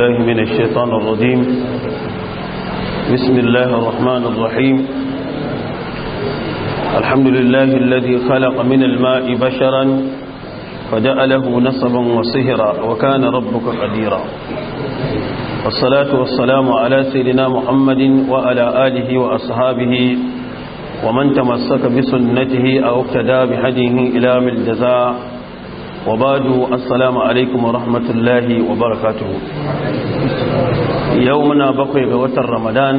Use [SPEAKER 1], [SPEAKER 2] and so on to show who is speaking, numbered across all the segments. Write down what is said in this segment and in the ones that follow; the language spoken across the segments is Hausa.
[SPEAKER 1] بالله من الشيطان الرجيم بسم الله الرحمن الرحيم الحمد لله الذي خلق من الماء بشرا فجعله نصبا وصهرا وكان ربك قديرا والصلاة والسلام على سيدنا محمد وعلى آله وأصحابه ومن تمسك بسنته أو اقتدى بهديه إلى من الجزاء وبعد السلام عليكم ورحمة الله وبركاته يومنا بقي watan Ramadan.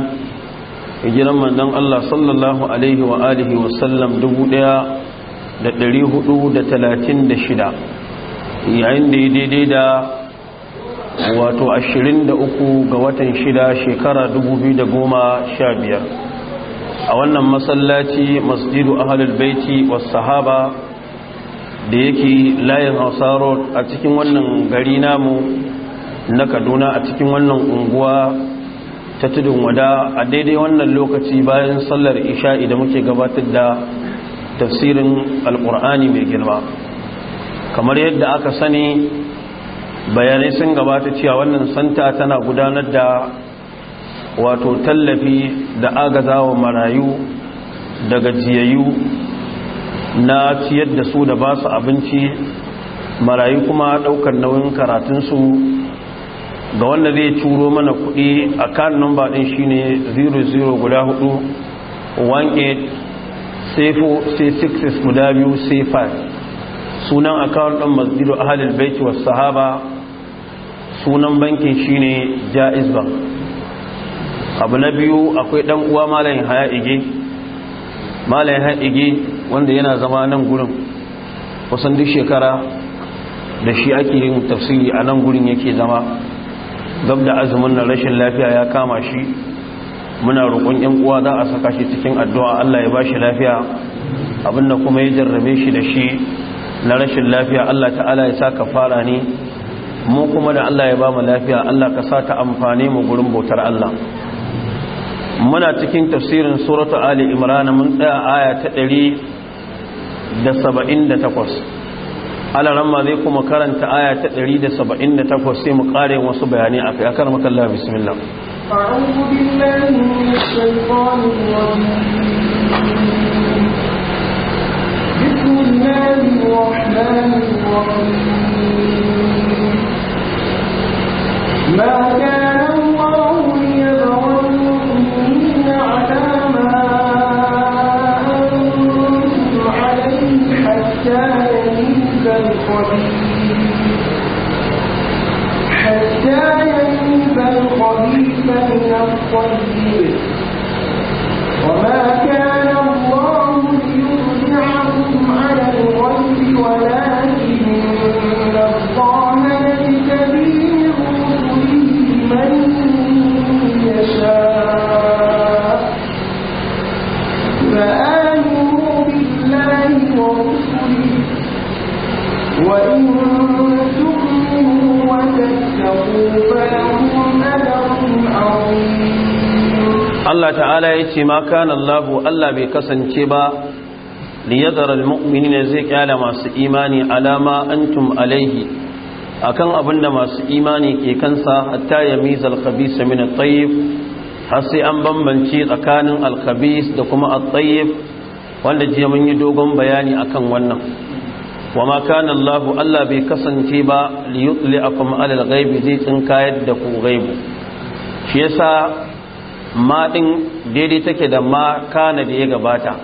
[SPEAKER 1] hijiran manzon Allah sallallahu alaihi wa alihi wa sallam 1436 yayin da daidai da wato 23 ga watan shida shekara biyar. a wannan masallaci masjidu ahlul baiti was sahaba da yake layin hausa road a cikin wannan gari namu na kaduna a cikin wannan unguwa ta tudun wada a daidai wannan lokaci bayan sallar isha'i da muke gabatar da tafsirin alkur'ani mai girma kamar yadda aka sani bayanai sun gabata cewa wannan santa tana gudanar da wato tallafi da agazawa marayu daga jiyayyu na ciyar da su da ba su abinci marayu kuma daukar nauyin karatunsu ga wanda zai turo mana kudi a kan numba din shine 00 guda 4 18 sai 6 guda biyu sai 5 sunan akawun ɗin masjidu ahalil baiti wasu sahaba sunan bankin shine jaiz bank abu na biyu akwai ɗan uwa malayin haya ige malayin haɗige wanda yana zama nan gurin kusan duk shekara da shi ake yin tafsiri a nan gurin yake zama gab da azumin na rashin lafiya ya kama shi muna roƙon yan uwa za a saka shi cikin addu'a Allah ya ba shi lafiya abinda kuma ya jarrabe shi da shi na rashin lafiya Allah ta'ala ya sa ka fara ne mu kuma da Allah ya ba mu lafiya Allah ka sa ta amfane mu gurin bautar Allah muna cikin tafsirin suratu ali imran mun tsaya aya ta 178 alaran ma zai kuma karanta aya ta 178 sai mu kare wasu bayani a kai akar makalla bismillah
[SPEAKER 2] أعوذ بالله ما كان الخبيث من الطيب وما كان
[SPEAKER 1] Allah ta'ala ya ce ma kana Allah Allah bai kasance ba mumini ne zai kyala masu imani alama antum alaihi akan abinda masu imani ke kansa hatta yamiza al-khabith min at-tayyib har sai an bambance tsakanin al khabis da kuma at-tayyib wanda jiya mun yi dogon bayani akan wannan wama kana Allah Allah bai kasance ba liyutli'akum ala al gaibi zai tsinkayar da ku ghaibu shi yasa ma din daidai take da ma kana da ya gabata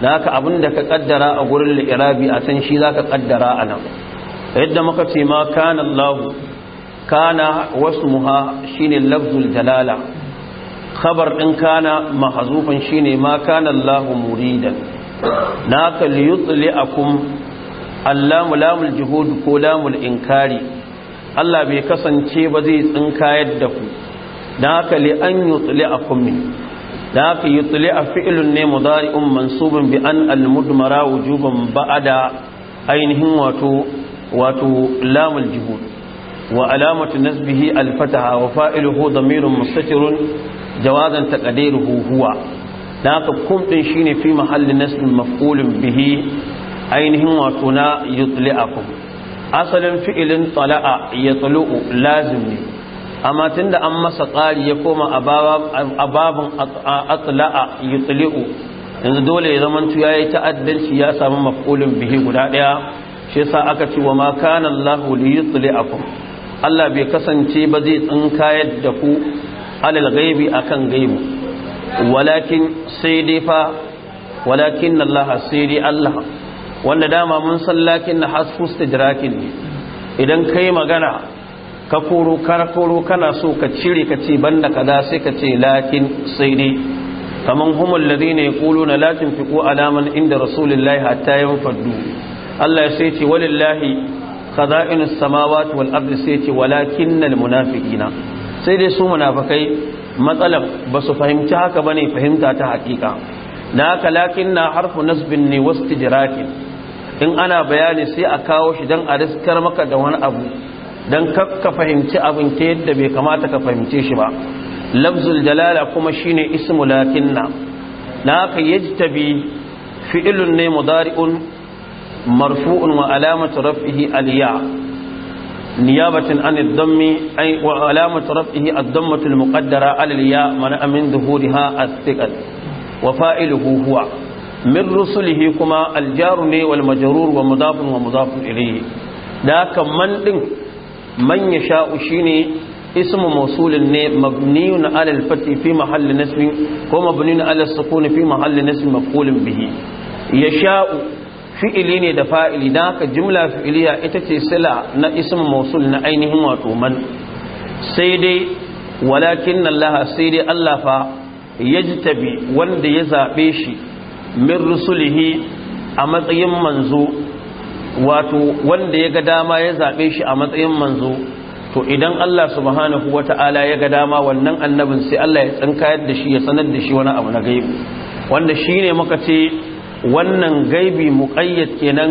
[SPEAKER 1] da haka da ka kaddara a gurin lirabi a san shi za ka kaddara a nan yadda muka ce ma kana Allah kana shi ne lafzul jalala khabar ɗin kana shi ne ma kana Allah muridan a kun allamu lamul jihudu ko lamul inkari Allah bai kasance ba zai tsinka yadda ku da haka li an yutsuli a kummi da haka yutsuli a fi'ilun ne mudari'un mansubin bi an almudmara wujuban ba'ada ainihin wato wato lamul juhud wa alamatu nasbihi alfataha wa fa'iluhu damirun mustatirun jawazan taqdiruhu huwa da haka kum din shine fi mahalli nasbin maf'ulun bihi ainihin wato na yutli'akum asalin fi'ilin tala'a ya tsalu'u lazim amma tun da an masa tsari ya koma a babin atla'a yi yanzu dole ya zama ya yi ta'addanci ya samu maf'ulin bihi guda ɗaya shi yasa aka ce wa ma kana Allahu li yutli'akum Allah bai kasance ba zai tsinkayar da ku alal gaibi akan gaibu walakin sai dai fa walakin sai dai Allah wanda dama mun san lakin na hasfus tidrakin ne idan kai magana ka koro kar kana so ka cire ka ce banda kaza sai ka ce lakin sai dai kaman humul ladina yaquluna la tunfiqu ala man inda rasulillahi hatta yanfaddu Allah ya sai ce walillahi khaza'inus samawati wal ardi sai ce walakinnal munafiqina sai dai su munafikai matsalar ba su fahimci haka bane fahimta ta hakika na ka lakin na harfu nasbin ne wasu tijirakin in ana bayani sai a kawo shi don a riskar maka da wani abu don ka fahimci abin ta yadda bai kamata ka fahimce shi ba lafzul jalala kuma shine ismu lakinna na ka yajtabi fi'ilun ne mudari'un marfu'un wa alamatu raf'ihi aliya niyabatin an ad-dammi ay wa alamatu raf'ihi ad-dammatu al-muqaddara aliya man amin dhuhuriha as-thiqal wa fa'iluhu huwa min rusulihi kuma al-jaru ne wal majrur wa mudafun wa mudafun ilayhi da kan man din man ya sha'u shi ne ismu mawsulin ne mabniyun na al-fathi fi mahalli nasbin ko mabniyun na as-sukun fi mahalli nasbin mafulin bihi
[SPEAKER 2] Ya sha'u
[SPEAKER 1] fi'ili ne da fa'ili dan haka jimla fi'iliya ita ce sila na ismu mawsul na ainihin wato man sai dai walakin Allah sai dai Allah fa yajtabi wanda ya zaɓe shi min rusulihi a matsayin manzo wato wanda ya ga dama ya zaɓe shi a matsayin manzo to idan Allah subhanahu Ta'ala ya ga dama wannan annabin sai Allah ya tsinkayar da shi ya sanar da shi wani abu na gaibi wanda shine muka ce wannan gaibi muƙayyad kenan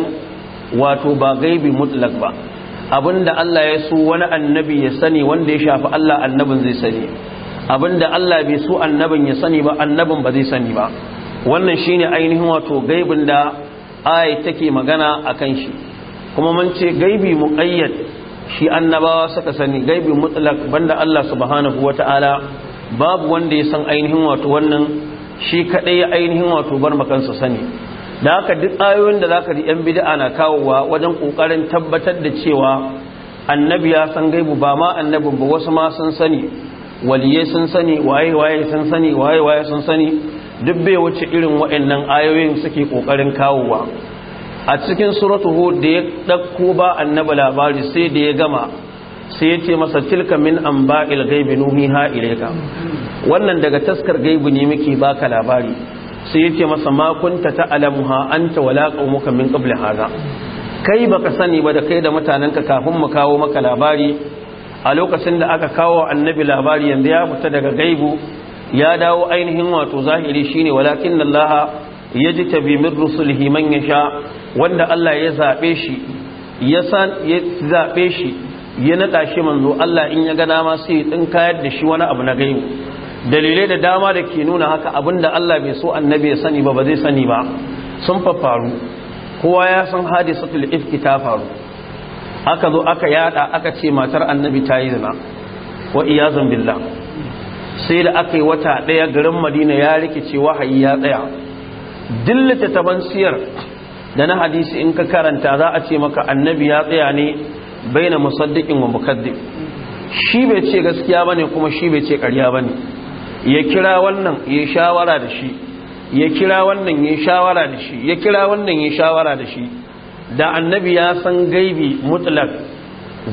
[SPEAKER 1] wato ba gaibi mutlak ba abinda Allah ya so wani annabi ya sani wanda ya shafi Allah annabin zai sani abinda Allah bai so annabin ya sani ba annabin ba zai sani ba wannan shine ainihin wato gaibin da ayi take magana akan shi kuma mun ce gaibi muqayyad shi annabawa suka sani gaibi mutlak banda Allah subhanahu wataala babu wanda ya san ainihin wato wannan shi kadai ainihin wato bar sa sani da haka duk ayoyin da zaka ji yan bid'a na kawowa wajen kokarin tabbatar da cewa annabi ya san gaibu ba ma annabin ba wasu ma sun sani waliyai sun sani waye waye sun sani waye waye sun sani duk bai wuce irin waɗannan ayoyin suke ƙoƙarin kawowa a cikin suratu hud da ya ɗauko ba annaba labari sai da ya gama sai ya ce masa tilka min amba'il ba'il nuhi nuhiha ilaika wannan daga taskar gaibi ne muke baka labari sai ya ce masa ma kunta ta'lamuha anta wala qaumuka min qabl hadha kai baka sani ba da kai da mutanenka kafin mu kawo maka labari a lokacin da aka kawo annabi labari yanzu ya fita daga gaibu ya dawo ainihin wato zahiri shine walakin Allah ya ji tabi min rusulihi man yasha wanda Allah ya zabe shi ya san ya zabe shi ya nada shi manzo Allah in ya ga dama sai din kayan da shi wani abu na gaibu dalilai da dama da ke nuna haka abinda Allah bai so annabi ya sani ba ba zai sani ba sun fafaru. kowa ya san hadisatul ifki ta faru aka zo aka yada aka ce matar annabi ta yi zina wa iyazan billah sai da aka yi wata ɗaya garin madina ya rikice wahayi ya tsaya dillata tabansiyar siyar da na hadisi in ka karanta za a ce maka annabi ya tsaya ne bai na musaddiƙin wa mukaddib
[SPEAKER 2] shi bai ce gaskiya ba kuma shi bai ce
[SPEAKER 1] ƙarya ba ya kira wannan ya shawara da shi ya kira wannan ya shawara da shi ya kira wannan ya shawara da shi da annabi ya san gaibi mutlak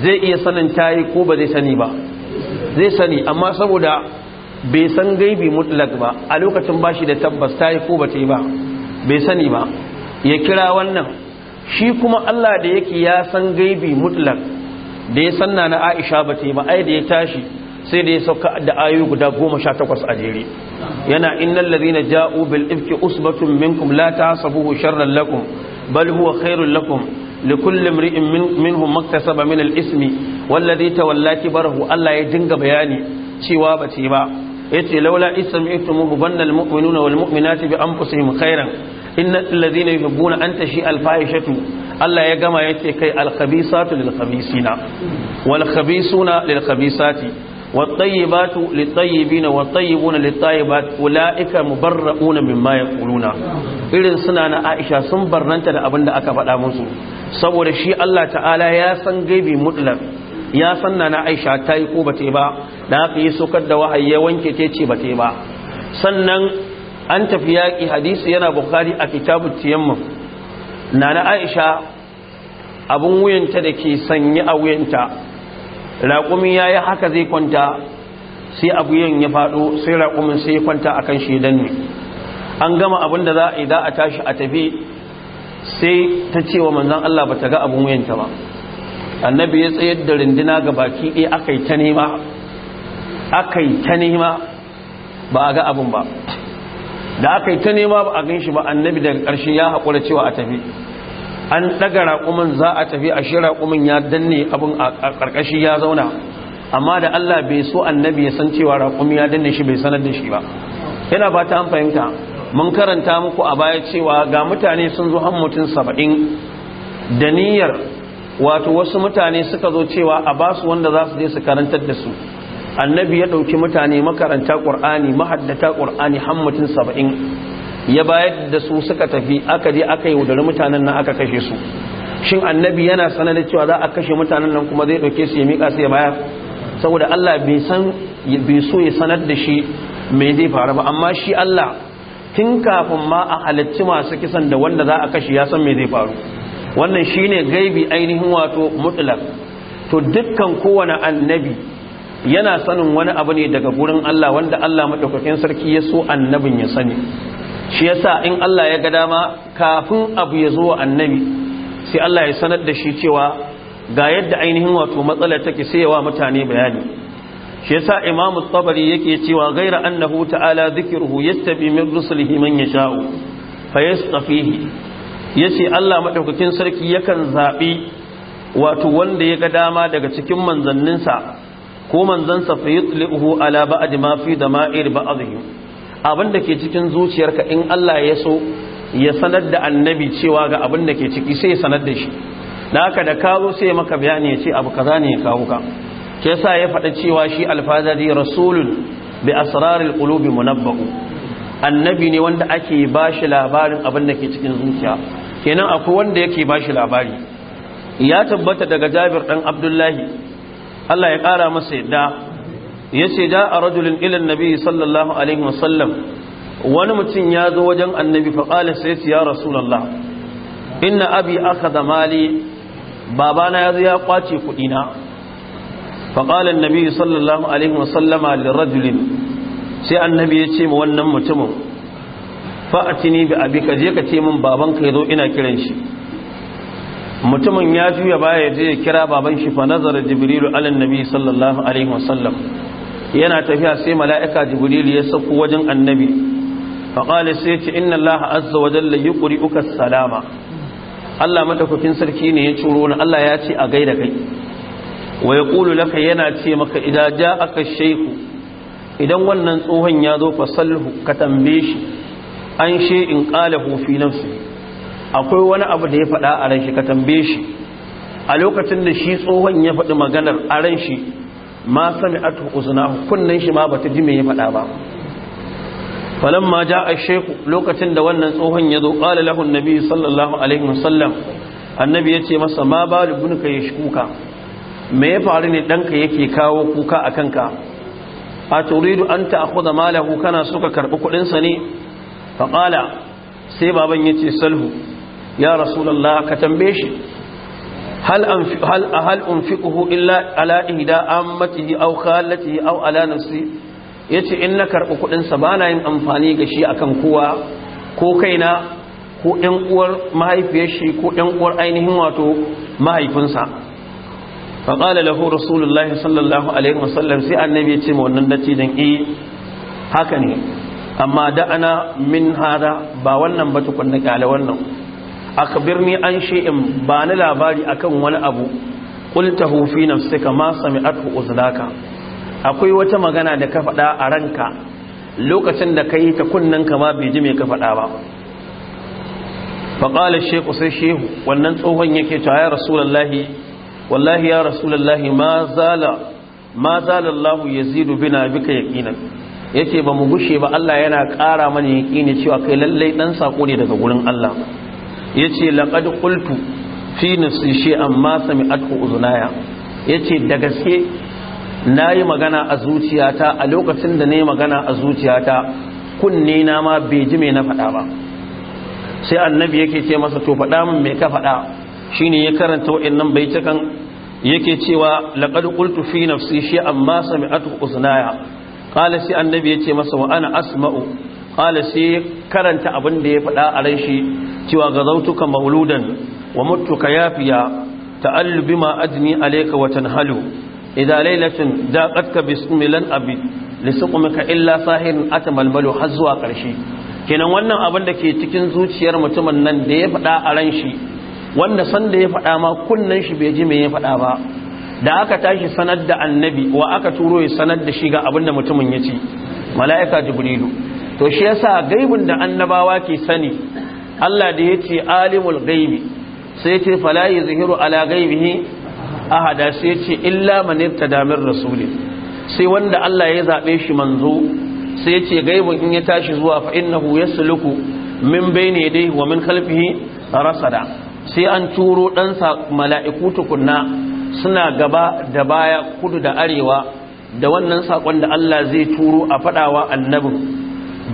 [SPEAKER 1] zai iya sanin tayi ko ba zai sani ba zai sani amma saboda bai san gaibi mutlak ba a lokacin ba shi da tabbas ta yi ko ba ta ba bai sani ba ya kira wannan shi kuma Allah da yake ya san gaibi mutlak da ya sanna na Aisha ba ba ai da ya tashi sai da ya sauka da ayoyi guda goma sha takwas a jere yana innal ladhina ja'u bil ifki usbatun minkum la tahsabuhu sharran lakum bal huwa khairul lakum likulli imri'in minhum maktasaba min al ismi والذي تولى كبره Allah ya dinga bayani cewa bace ba yace laula isma'tumuhu banna almu'minuna walmu'minatu bi anfusihim khairan innal ladhina yuhibbuna an tashi alfahishatu Allah ya gama yace kai alkhabisatu lilkhabisina walkhabisuna lilkhabisati والطيبات للطيبين والطيبون للطيبات اولئك مبرؤون مما يقولون irin suna na Aisha sun barnanta da abin da aka faɗa musu saboda shi Allah ta'ala ya san gaibi mutlaq ya sanna na aisha ta yi ko ba ta ba da haka yi sokar da wahayi wanke ta ce ba ta ba sannan an tafi yaƙi hadisi yana bukari a kitabu tiyammum na na aisha abin wuyanta da ke sanyi a wuyanta raƙumi ya yi haka zai kwanta sai abu yin ya faɗo sai raƙumin sai ya kwanta a kan shi don ne an gama abin da za a yi da a tashi a tafi sai ta ce wa manzan Allah ba ta ga abin wuyanta ba annabi ya tsayar da rindina ga baki ɗaya aka yi ta nema aka yi ta nema ba a ga abin ba da aka yi ta nema ba a gan shi ba annabi daga ƙarshe ya haƙura cewa a tafi an ɗaga raƙumin za a tafi a shi raƙumin ya danne abin a ƙarƙashi ya zauna amma da Allah bai so annabi ya san cewa raƙumi ya danne shi bai sanar da shi ba yana ba ta fahimta mun karanta muku a baya cewa ga mutane sun zo han mutum saba'in da niyyar wato wasu mutane suka zo cewa a basu wanda za su je su karantar da su annabi ya ɗauki mutane makaranta ƙur'ani mahaddata ƙur'ani hammatin saba'in ya bayar da su suka tafi aka je aka yi wudari mutanen nan aka kashe su shin annabi yana sanar da cewa za a kashe mutanen nan kuma zai ɗauke su ya miƙa su ya baya saboda allah bai so ya sanar da shi mai zai faru ba amma shi allah tun kafin ma a halarci masu kisan da wanda za a kashe ya san me zai faru wannan shine gaibi ainihin wato mutlaq to dukkan kowane annabi yana sanin wani abu ne daga gurin Allah wanda Allah madaukakin sarki ya so annabin ya sani shi yasa in Allah ya ga dama kafin abu ya zo annabi sai Allah ya sanar da shi cewa ga yadda ainihin wato matsalar take sai yawa mutane bayani shi yasa imamu tabari yake cewa gaira annahu ta'ala dhikruhu yastabi min rusulihi man yasha'u fayastafihi ya ce Allah maɗaukakin sarki yakan zaɓi wato wanda ya ga dama daga cikin manzanninsa ko manzansa fa yutli'uhu ala ba'd ma fi dama'ir ba'dihim abin da ke cikin zuciyarka in Allah ya so ya sanar da annabi cewa ga abin da ke ciki sai sanar da shi da haka da kawo sai maka bayani ya ce abu kaza ne ya kawo ka ke sa ya faɗa cewa shi alfazari rasulun bi asrarul qulubi munabbahu annabi ne wanda ake bashi labarin abin da ke cikin zuciya kenan akwai wanda yake bashi labari ya tabbata daga Jabir dan Abdullahi Allah ya kara masa yadda yace da a rajulin ila annabi sallallahu alaihi wasallam wani mutum ya zo wajen annabi fa qala sai ya rasulullah inna abi akhadha mali babana ya zo ya kwace kudi na fa qala annabi sallallahu alaihi wasallama lirajulin sai annabi ya ce ma wannan mutumin fa'atini bi abi je ka ce min babanka yazo ina kiran shi mutumin ya juya baya je ya kira baban shi fa nazara jibrilu ala annabi sallallahu alaihi wasallam yana tafiya sai mala'ika jibrilu ya sauko wajen annabi fa qala sai ce inna allaha azza wa jalla uka salama Allah matakokin sarki ne ya curo na Allah ya ce a gaida kai wa yaqulu laka yana ce maka idan aka shaihu. idan wannan tsohon ya zo fa ka tambaye shi an she in qalahu fi nafsi akwai wani abu da ya faɗa a ran ka tambaye shi a lokacin da shi tsohon ya faɗi maganar a ran shi ma sami'atu uznahu kunnan shi ma bata ji me ya faɗa ba falamma ja a sheku lokacin da wannan tsohon ya zo ƙala lahun nabi sallallahu alaihi wasallam annabi ya ce masa ma ba da bunka ya shi me ya faru ne ɗanka yake kawo kuka a kanka a turidu an ta akwada malahu kana suka karɓi kuɗinsa ne faƙala sai baban ya ce salhu ya rasulallah ka tambaye shi hal ƙuhu illa ala ihda ammatihi aw khalatihi au ala Ya ce in na karɓi kuɗinsa ba na yin amfani ga shi kan kowa ko kaina ko ɗan uwar mahaifiyar shi ko ɗan uwar ainihin wato mahaifinsa faƙala lahu rasulullahi sallallahu alaihi wasallam sai annabi ya ce ma wannan dace dan eh haka ne amma ana min hada ba wannan ba tukun na kyale wannan akbirni an shi'in ba ni labari akan wani abu qultahu fi ka ma sami'atu uzlaka akwai wata magana da ka faɗa a ranka lokacin da kai ta kunnan ka ma bai ji mai ka faɗa ba fa qala sai shehu wannan tsohon yake ta ya rasulullahi wallahi ya rasulullahi ma zala ma zala Allah yazidu bina bika yaqinan yace ba mu gushe ba Allah yana ƙara mana yaqini cewa kai lallai ɗan sako ne daga gurin Allah yace laqad ƙultu fi nafsi amma sami sami'athu uzunaya yace da gaske na yi magana a zuciyata a lokacin da na yi magana a zuciyata kunne na ma bai ji mai na faɗa ba sai annabi yake ce masa to faɗa min mai ka faɗa shine ya karanta wa'annan baitukan yake cewa laqad qultu fi nafsi amma sami sami'athu uzunaya qala sai annabi ya ce masa wa ana asma'u qala ya karanta abin da ya faɗa a ran shi cewa gazautuka mauludan wa mutuka yafiya ta'allu bima ajni alayka wa tanhalu idza laylatun daqatka bismilan abi lisuqumka illa sahirin atamalmalu har zuwa ƙarshe kenan wannan abin da ke cikin zuciyar mutumin nan da ya faɗa a ran shi wanda san da ya faɗa ma kunnan shi bai ji me ya faɗa ba da aka tashi sanar da annabi wa aka turo ya sanar da shi ga abin mutumin ya ce mala'ika jibrilu to shi yasa gaibin da annabawa ke sani Allah da ya ce alimul gaibi sai ce fala zahiru ala gaibi ne? a ahada sai ce illa man damar rasuli sai wanda Allah ya zaɓe shi manzo sai ce gaibin in ya tashi zuwa fa ya suluku min ne dai wa min khalfihi rasada sai an turo ɗansa mala'iku tukunna suna gaba da baya kudu da arewa da wannan sakon da Allah zai turo a fadawa annabin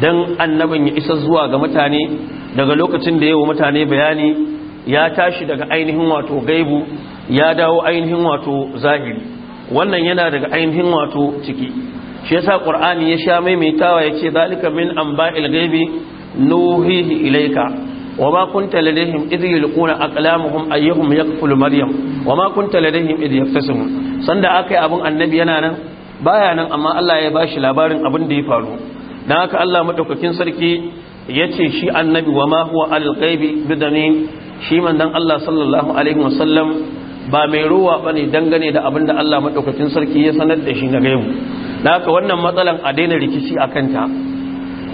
[SPEAKER 1] dan annabin ya isa zuwa ga mutane daga lokacin da yawa mutane bayani ya tashi daga ainihin wato gaibu ya dawo ainihin wato zahiri wannan yana daga ainihin wato ciki shi yasa qur'ani ya sha maimaitawa yace zalika min amba'il ghaibi nuhihi ilayka وما كنت لديهم إذ يلقون أقلامهم أيهم يقفل مريم وما كنت لديهم إذ يبتسمون صند آكي أبو النبي أنا بايانا أما الله يباش لابارن أبن دي فارو ناك الله متوككين سركي يتي شي النبي وما هو على الغيب بدنين شي من دان الله صلى الله عليه وسلم ba mai ruwa ba ne dangane da abin da Allah maɗaukacin sarki ya sanar da shi na gaimu da haka wannan matsalan a daina rikici a kanta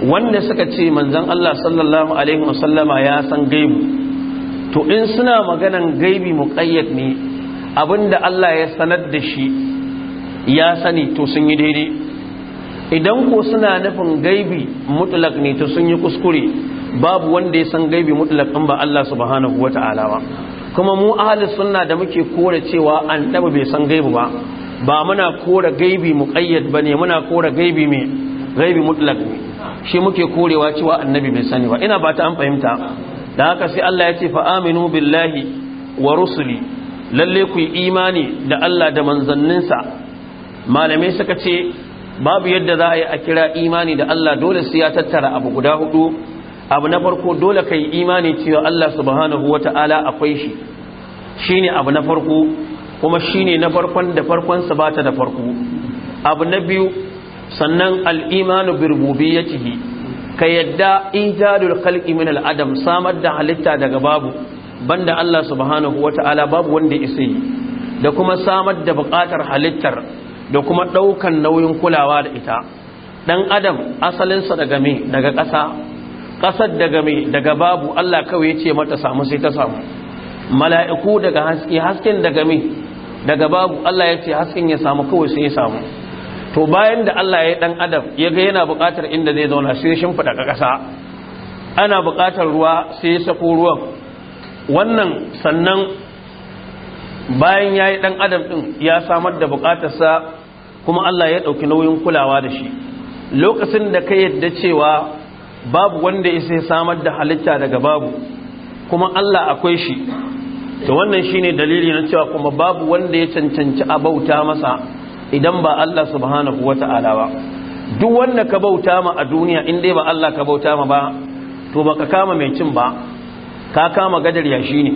[SPEAKER 1] wanda suka ce manzan Allah sallallahu alaihi wasallama ya san gaibu to in suna maganan gaibi muqayyad ne abinda Allah ya sanar da shi ya sani to sun yi daidai idan ko suna nufin gaibi mutlak ne to sun yi kuskure babu wanda ya san gaibi mutlak in ba Allah subhanahu ta'ala ba kuma mu ahalis sunna da muke kore cewa an daba bai san gaibi ba ba muna kore gaibi ba ne, muna kore gaibi me gaibi mutlak ne shi muke korewa cewa annabi bai sani ba ina ba ta an fahimta da haka sai Allah ya ce fa aminu billahi wa rusuli lalle ku yi imani da Allah da manzanninsa malamai suka ce babu yadda za a yi a kira imani da Allah dole sai ya tattara abu guda hudu abu na farko dole ka yi imani cewa Allah subhanahu wata'ala akwai shi shine abu na farko kuma shine na farkon da farkonsa ba ta da farko abu na biyu sannan al'imanu ya rububiyyatihi ka yadda ijadul kalki min al'adam samar da halitta daga babu banda Allah subhanahu wata'ala babu wanda isa yi da kuma samar da buƙatar halittar da kuma ɗaukan nauyin kulawa da ita Ɗan adam asalinsa daga me daga ƙasa ƙasar daga me daga babu Allah kawai ce mata samu sai ta samu mala'iku daga haske hasken daga me daga babu Allah ya ce hasken ya samu kawai sai ya samu to bayan da Allah ya yi dan adam ya ga yana buƙatar inda zai zauna sai ya shimfida ƙasa ana buƙatar ruwa sai ya sako ruwan wannan sannan bayan ya yi dan adam ɗin ya samar da buƙatarsa kuma Allah ya ɗauki nauyin kulawa da shi lokacin da ka yadda cewa babu wanda ya sai samar da halitta daga babu kuma Allah akwai shi to wannan shine dalili na cewa kuma babu wanda ya cancanci abauta masa idan ba Allah subhanahu wata'ala ba duk wanda ka bauta ma a duniya in dai ba Allah ka bauta ma ba to baka kama mai cin ba ka kama gadar yashi ne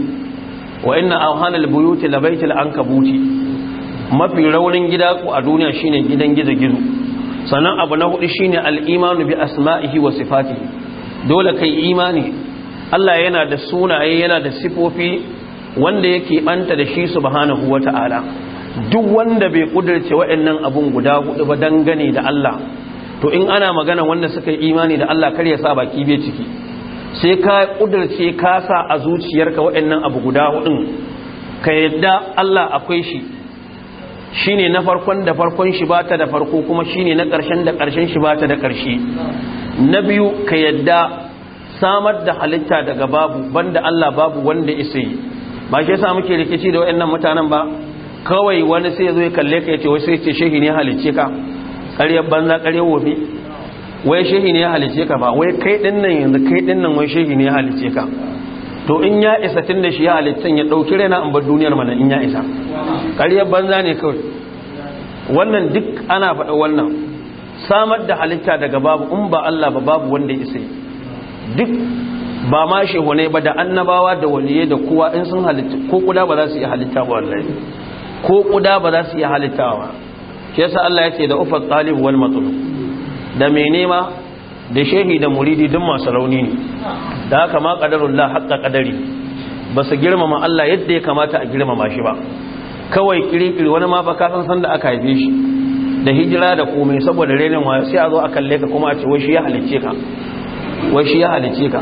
[SPEAKER 1] wa inna awhanal buyuti labaitil ankabuti mafi raunin gida ku a duniya shine gidan gizo-gizo sannan abu na hudu shine al-imanu bi asma'ihi wa sifatihi dole kai imani Allah yana da sunaye yana da sifofi wanda yake banta da shi subhanahu wata'ala duk wanda bai kudirce waɗannan abun guda hudu ba dangane da Allah to in ana magana wanda suka yi imani da Allah kar ya sa baki bai ciki sai ka kudirce ka sa a zuciyarka waɗannan abu guda hudun ka yadda Allah akwai shi shine na farkon da farkon shi bata da farko kuma shine na ƙarshen da ƙarshen shi bata da ƙarshe na biyu ka yadda samar da halitta daga babu banda Allah babu wanda ya ba shi yasa muke rikici da waɗannan mutanen ba kawai wani sai zo ya kalle ka yace wai sai ce shehi ne halicce ka ƙaryar banza ƙaryar wofi wai shehi ne halicce ka ba wai kai din nan yanzu kai din nan wai shehi ne halicce ka to in ya isa tun da shi ya halittan ya dauki raina in bar duniyar mana in ya isa ƙaryar banza ne kawai wannan duk ana faɗa wannan samar da halitta daga babu in ba Allah ba babu wanda ya isa duk ba ma ne ba da annabawa da waliyai da kowa in sun halitta ko kuda ba za su yi halitta ba wallahi ko kuda ba za su iya halittawa Ke sa Allah ya ce da ufat talib wal matlub da mai nema da shehi da muridi duk masu rauni ne da haka ma qadarullah haqqa ƙadari. ba su girmama Allah yadda ya kamata a girmama shi ba kawai kirkiri wani ma fa san da aka haife shi da hijira da komai saboda renin wa sai a zo a kalle ka kuma a ce wai shi ya halicce ka wai shi ya halicce ka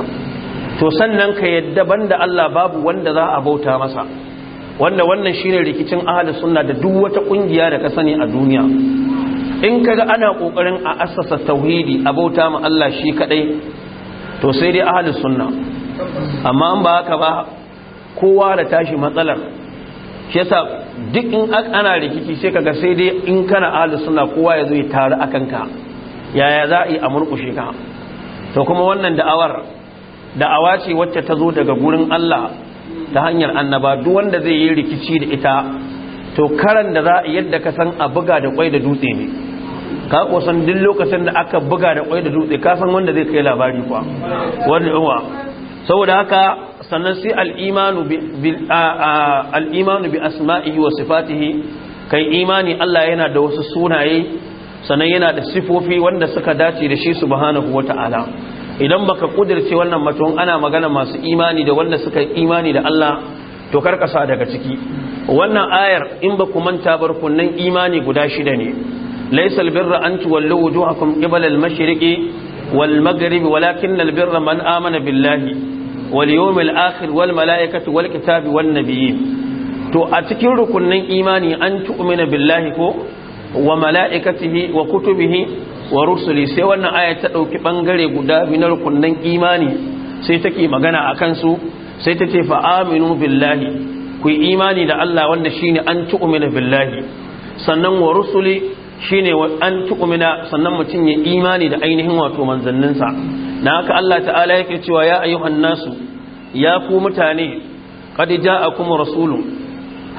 [SPEAKER 1] to sannan ka yadda banda Allah babu wanda za a bauta masa wanda wannan shine rikicin ahli sunna da duk wata kungiya da ka sani a duniya in ka ga ana kokarin a assasa tauhidi bauta ma Allah shi kadai to sai dai ahlus sunna amma an ba haka ba kowa da tashi matsalar shi yasa duk in ana rikici sai ga sai dai in kana ahli sunna kowa ya zo ya tare akan ka yaya za a yi a murkushe ka to kuma wannan da'awar da'awa ce wacce ta zo daga gurin Allah ta hanyar annaba duk wanda zai yi rikici da ita to karan da za a yadda ka san a buga da kwai da dutse ne ka san duk lokacin da aka buga da kwai da dutse ka san wanda zai kai labari kuwa wani uwa saboda haka sannan sai al'imanu bi asma'ihi wa sifatihi kai imani Allah yana da wasu sunaye sannan yana da sifofi wanda suka dace da shi subhanahu wata'ala idan baka kudirce wannan mutum ana magana masu imani da wanda suka imani da Allah to karkasa daga ciki wannan ayar in ba ku manta barkunnan imani guda shida ne laysal birra an tuwallu wujuhakum qibala al-mashriqi wal maghribi walakin birra man amana billahi wal yawmil akhir wal malaikati wal kitabi wan nabiyyin to a cikin rukunin imani an tu'mina billahi ko wa malaikatihi wa kutubihi wa rusuli sai wannan aya ta dauki bangare guda binar kunnan imani sai take magana akan su sai ta ce fa aminu billahi ku imani da Allah wanda shine an tu'mina billahi sannan wa rusuli shine an tu'mina sannan mutum ya imani da ainihin wato manzanninsa na haka Allah ta'ala yake cewa ya ayyuhan nasu ya ku mutane qad ja'akum rasulun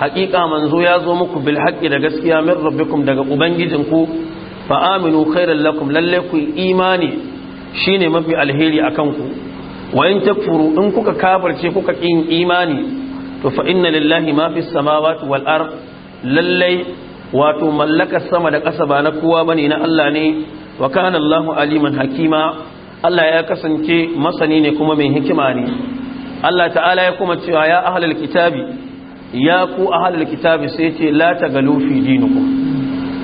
[SPEAKER 1] haqiqa manzo ya zo muku bil haqqi da gaskiya min rabbikum daga ubangijinku Fa'aminu aminu khairan lakum lalle ku imani shine mafi alheri a ku wa in takfuru in kuka kabarce kuka yin imani to fa'inna lillahi mafi sama samawati wal'ar lalle wato mallakar sama da ƙasa ba na kowa bane na Allah ne wa kanan Allahu aliman hakima Allah ya kasance masani ne kuma mai hikima ne Allah ta'ala ya kuma cewa ya ahlul kitabi ya ku ahalar kitabi sai ce la tagalu fi dinikum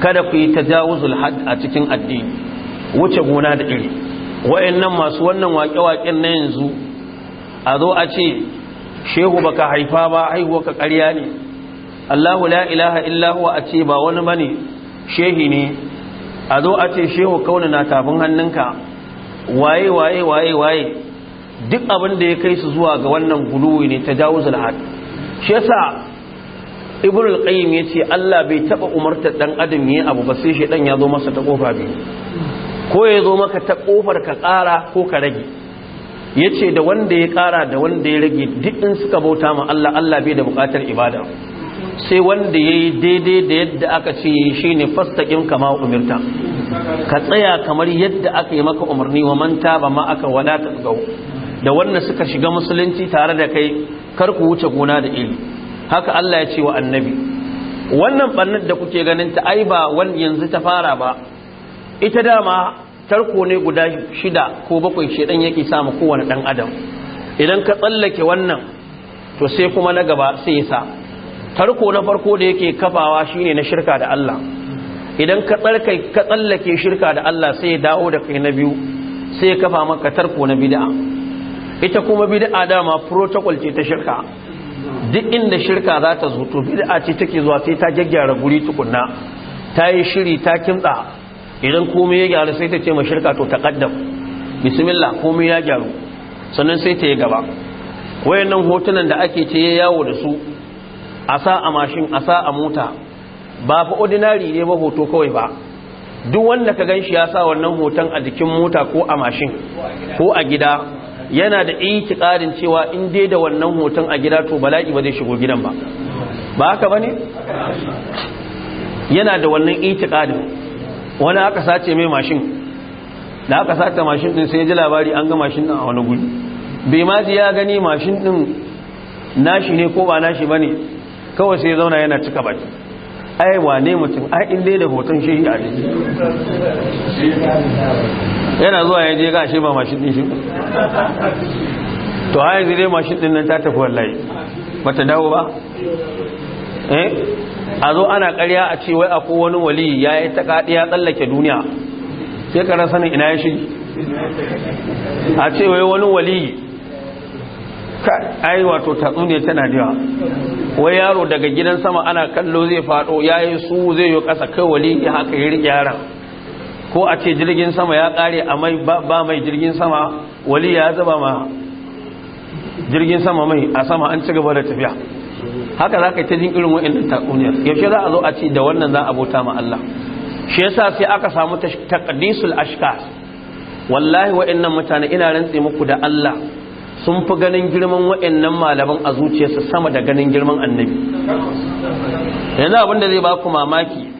[SPEAKER 1] kada ku yi tajawuzul had a cikin addini wuce gona da iri wayannan masu wannan waƙe-waƙen na yanzu a zo a ce shehu baka haifa ba haihuwa ka ƙarya ne Allahu la ilaha illa huwa a ce ba wani bane shehi ne a zo a ce shehu kauna na tafin hannunka waye waye waye waye duk abin da ya kai su zuwa ga wannan guluwi ne tajawuzul had shi yasa ibn al-qayyim yace Allah bai taba umartar dan adam yayi abu ba sai shedan ya zo masa ta kofa bi ko ya zo maka ta kofar ka kara ko ka rage yace da wanda ya kara da wanda ya rage duk in suka bauta ma Allah Allah bai da bukatar ibada sai wanda yayi daidai da yadda aka ce shine fastaqim kama umirta ka tsaya kamar yadda aka yi maka umarni wa manta ba ma aka wala ta da wanda suka shiga musulunci tare da kai kar ku wuce gona da ilimi. haka Allah ya ce wa annabi wannan bannin da kuke ganin ta ai ba wani yanzu ta fara ba ita dama tarko ne guda shida ko bakwai shedan yake samu kowane dan adam idan ka tsallake wannan to sai kuma na gaba sai yasa sa tarko na farko da yake kafawa shine na shirka da Allah idan ka tsarkai ka tsallake shirka da Allah sai ya dawo da kai na biyu sai ya kafa maka tarko na bid'a ita kuma bid'a dama protocol ce ta shirka duk inda shirka za ta zuto bid'a ce take zuwa sai ta gyaggyara guri tukunna ta yi shiri ta kimtsa idan komai ya gyaru sai ta ce ma shirka to ta kaddam bismillah komai ya gyaru sannan sai ta yi gaba wayannan hotunan da ake ce yawo da su a sa a mashin a sa a mota ba fa ordinary ne ba hoto kawai ba duk wanda ka gan shi ya sa wannan hoton a jikin mota ko a mashin ko a gida yana da ƙarin cewa in dai da wannan hoton a gida to bala'i ba zai shigo gidan ba ba haka bane yana da wannan ƙarin. wani aka sace mai mashin da aka sace mashin din sai ya ji labari an ga mashin din a wani guri bai ma ji ya gani mashin din nashi ne ko ba nashi bane kawai sai ya zauna yana cika baki ai wane mutum ai in dai da hoton shi a
[SPEAKER 2] jiki
[SPEAKER 1] yana zuwa ya je gashi ba mashin din shi to haya yanzu dai mashin din nan ta tafi wallahi ta dawo ba eh a zo ana karya a ce wai akwai wani wali ya yi ta kaɗi ya tsallake duniya sai ƙarar sanin ina ya shi a ce wai wani wali ai wato tatsuniya tana da wai yaro daga gidan sama ana kallo zai faɗo ya yi su zai yi ƙasa kai wali ya haka yi riƙe yaran ko a ce jirgin sama ya kare a mai ba mai jirgin sama wali ya zaba ma jirgin sama mai a sama an ci gaba da tafiya haka za ka yi ta jin irin wa'annan yaushe za a zo a ce da wannan za a bota ma Allah shi yasa sai aka samu takadisul ashka wallahi nan mutane ina rantse muku da Allah sun fi ganin girman wa'in nan malaman a zuciyarsa sama da ganin girman annabi yanzu abin da zai ba ku mamaki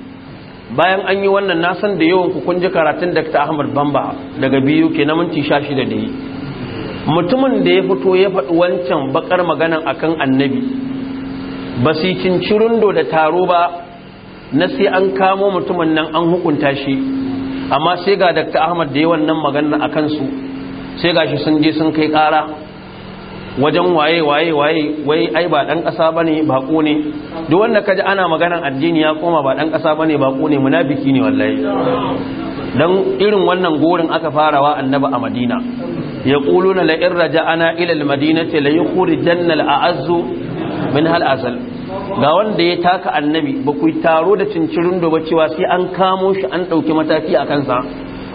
[SPEAKER 1] bayan an yi wannan nasan da yawan kukunji ji karatun Dr. Ahmad Bamba daga biyu ke na minti shida da yi mutumin da ya fito ya faɗi wancan bakar maganan akan annabi ba su cincirundo da taro ba na sai an kamo mutumin nan an hukunta shi amma sai ga Dr. Ahmad da yawan nan maganar akansu sai sai shi sun je sun kai ƙara wajen waye waye waye wai ai ba dan kasa bane bako ne duk wanda kaji ana maganan addini ya koma ba dan kasa bane bako ne munafiki ne wallahi dan irin wannan gorin aka farawa annabi a Madina yaquluna la in raja'ana ila almadinati la yukhrijanna al'azzu min hal asal ga wanda ya taka annabi ba ku taro da cincirin da cewa sai an kamo shi an dauki mataki a kansa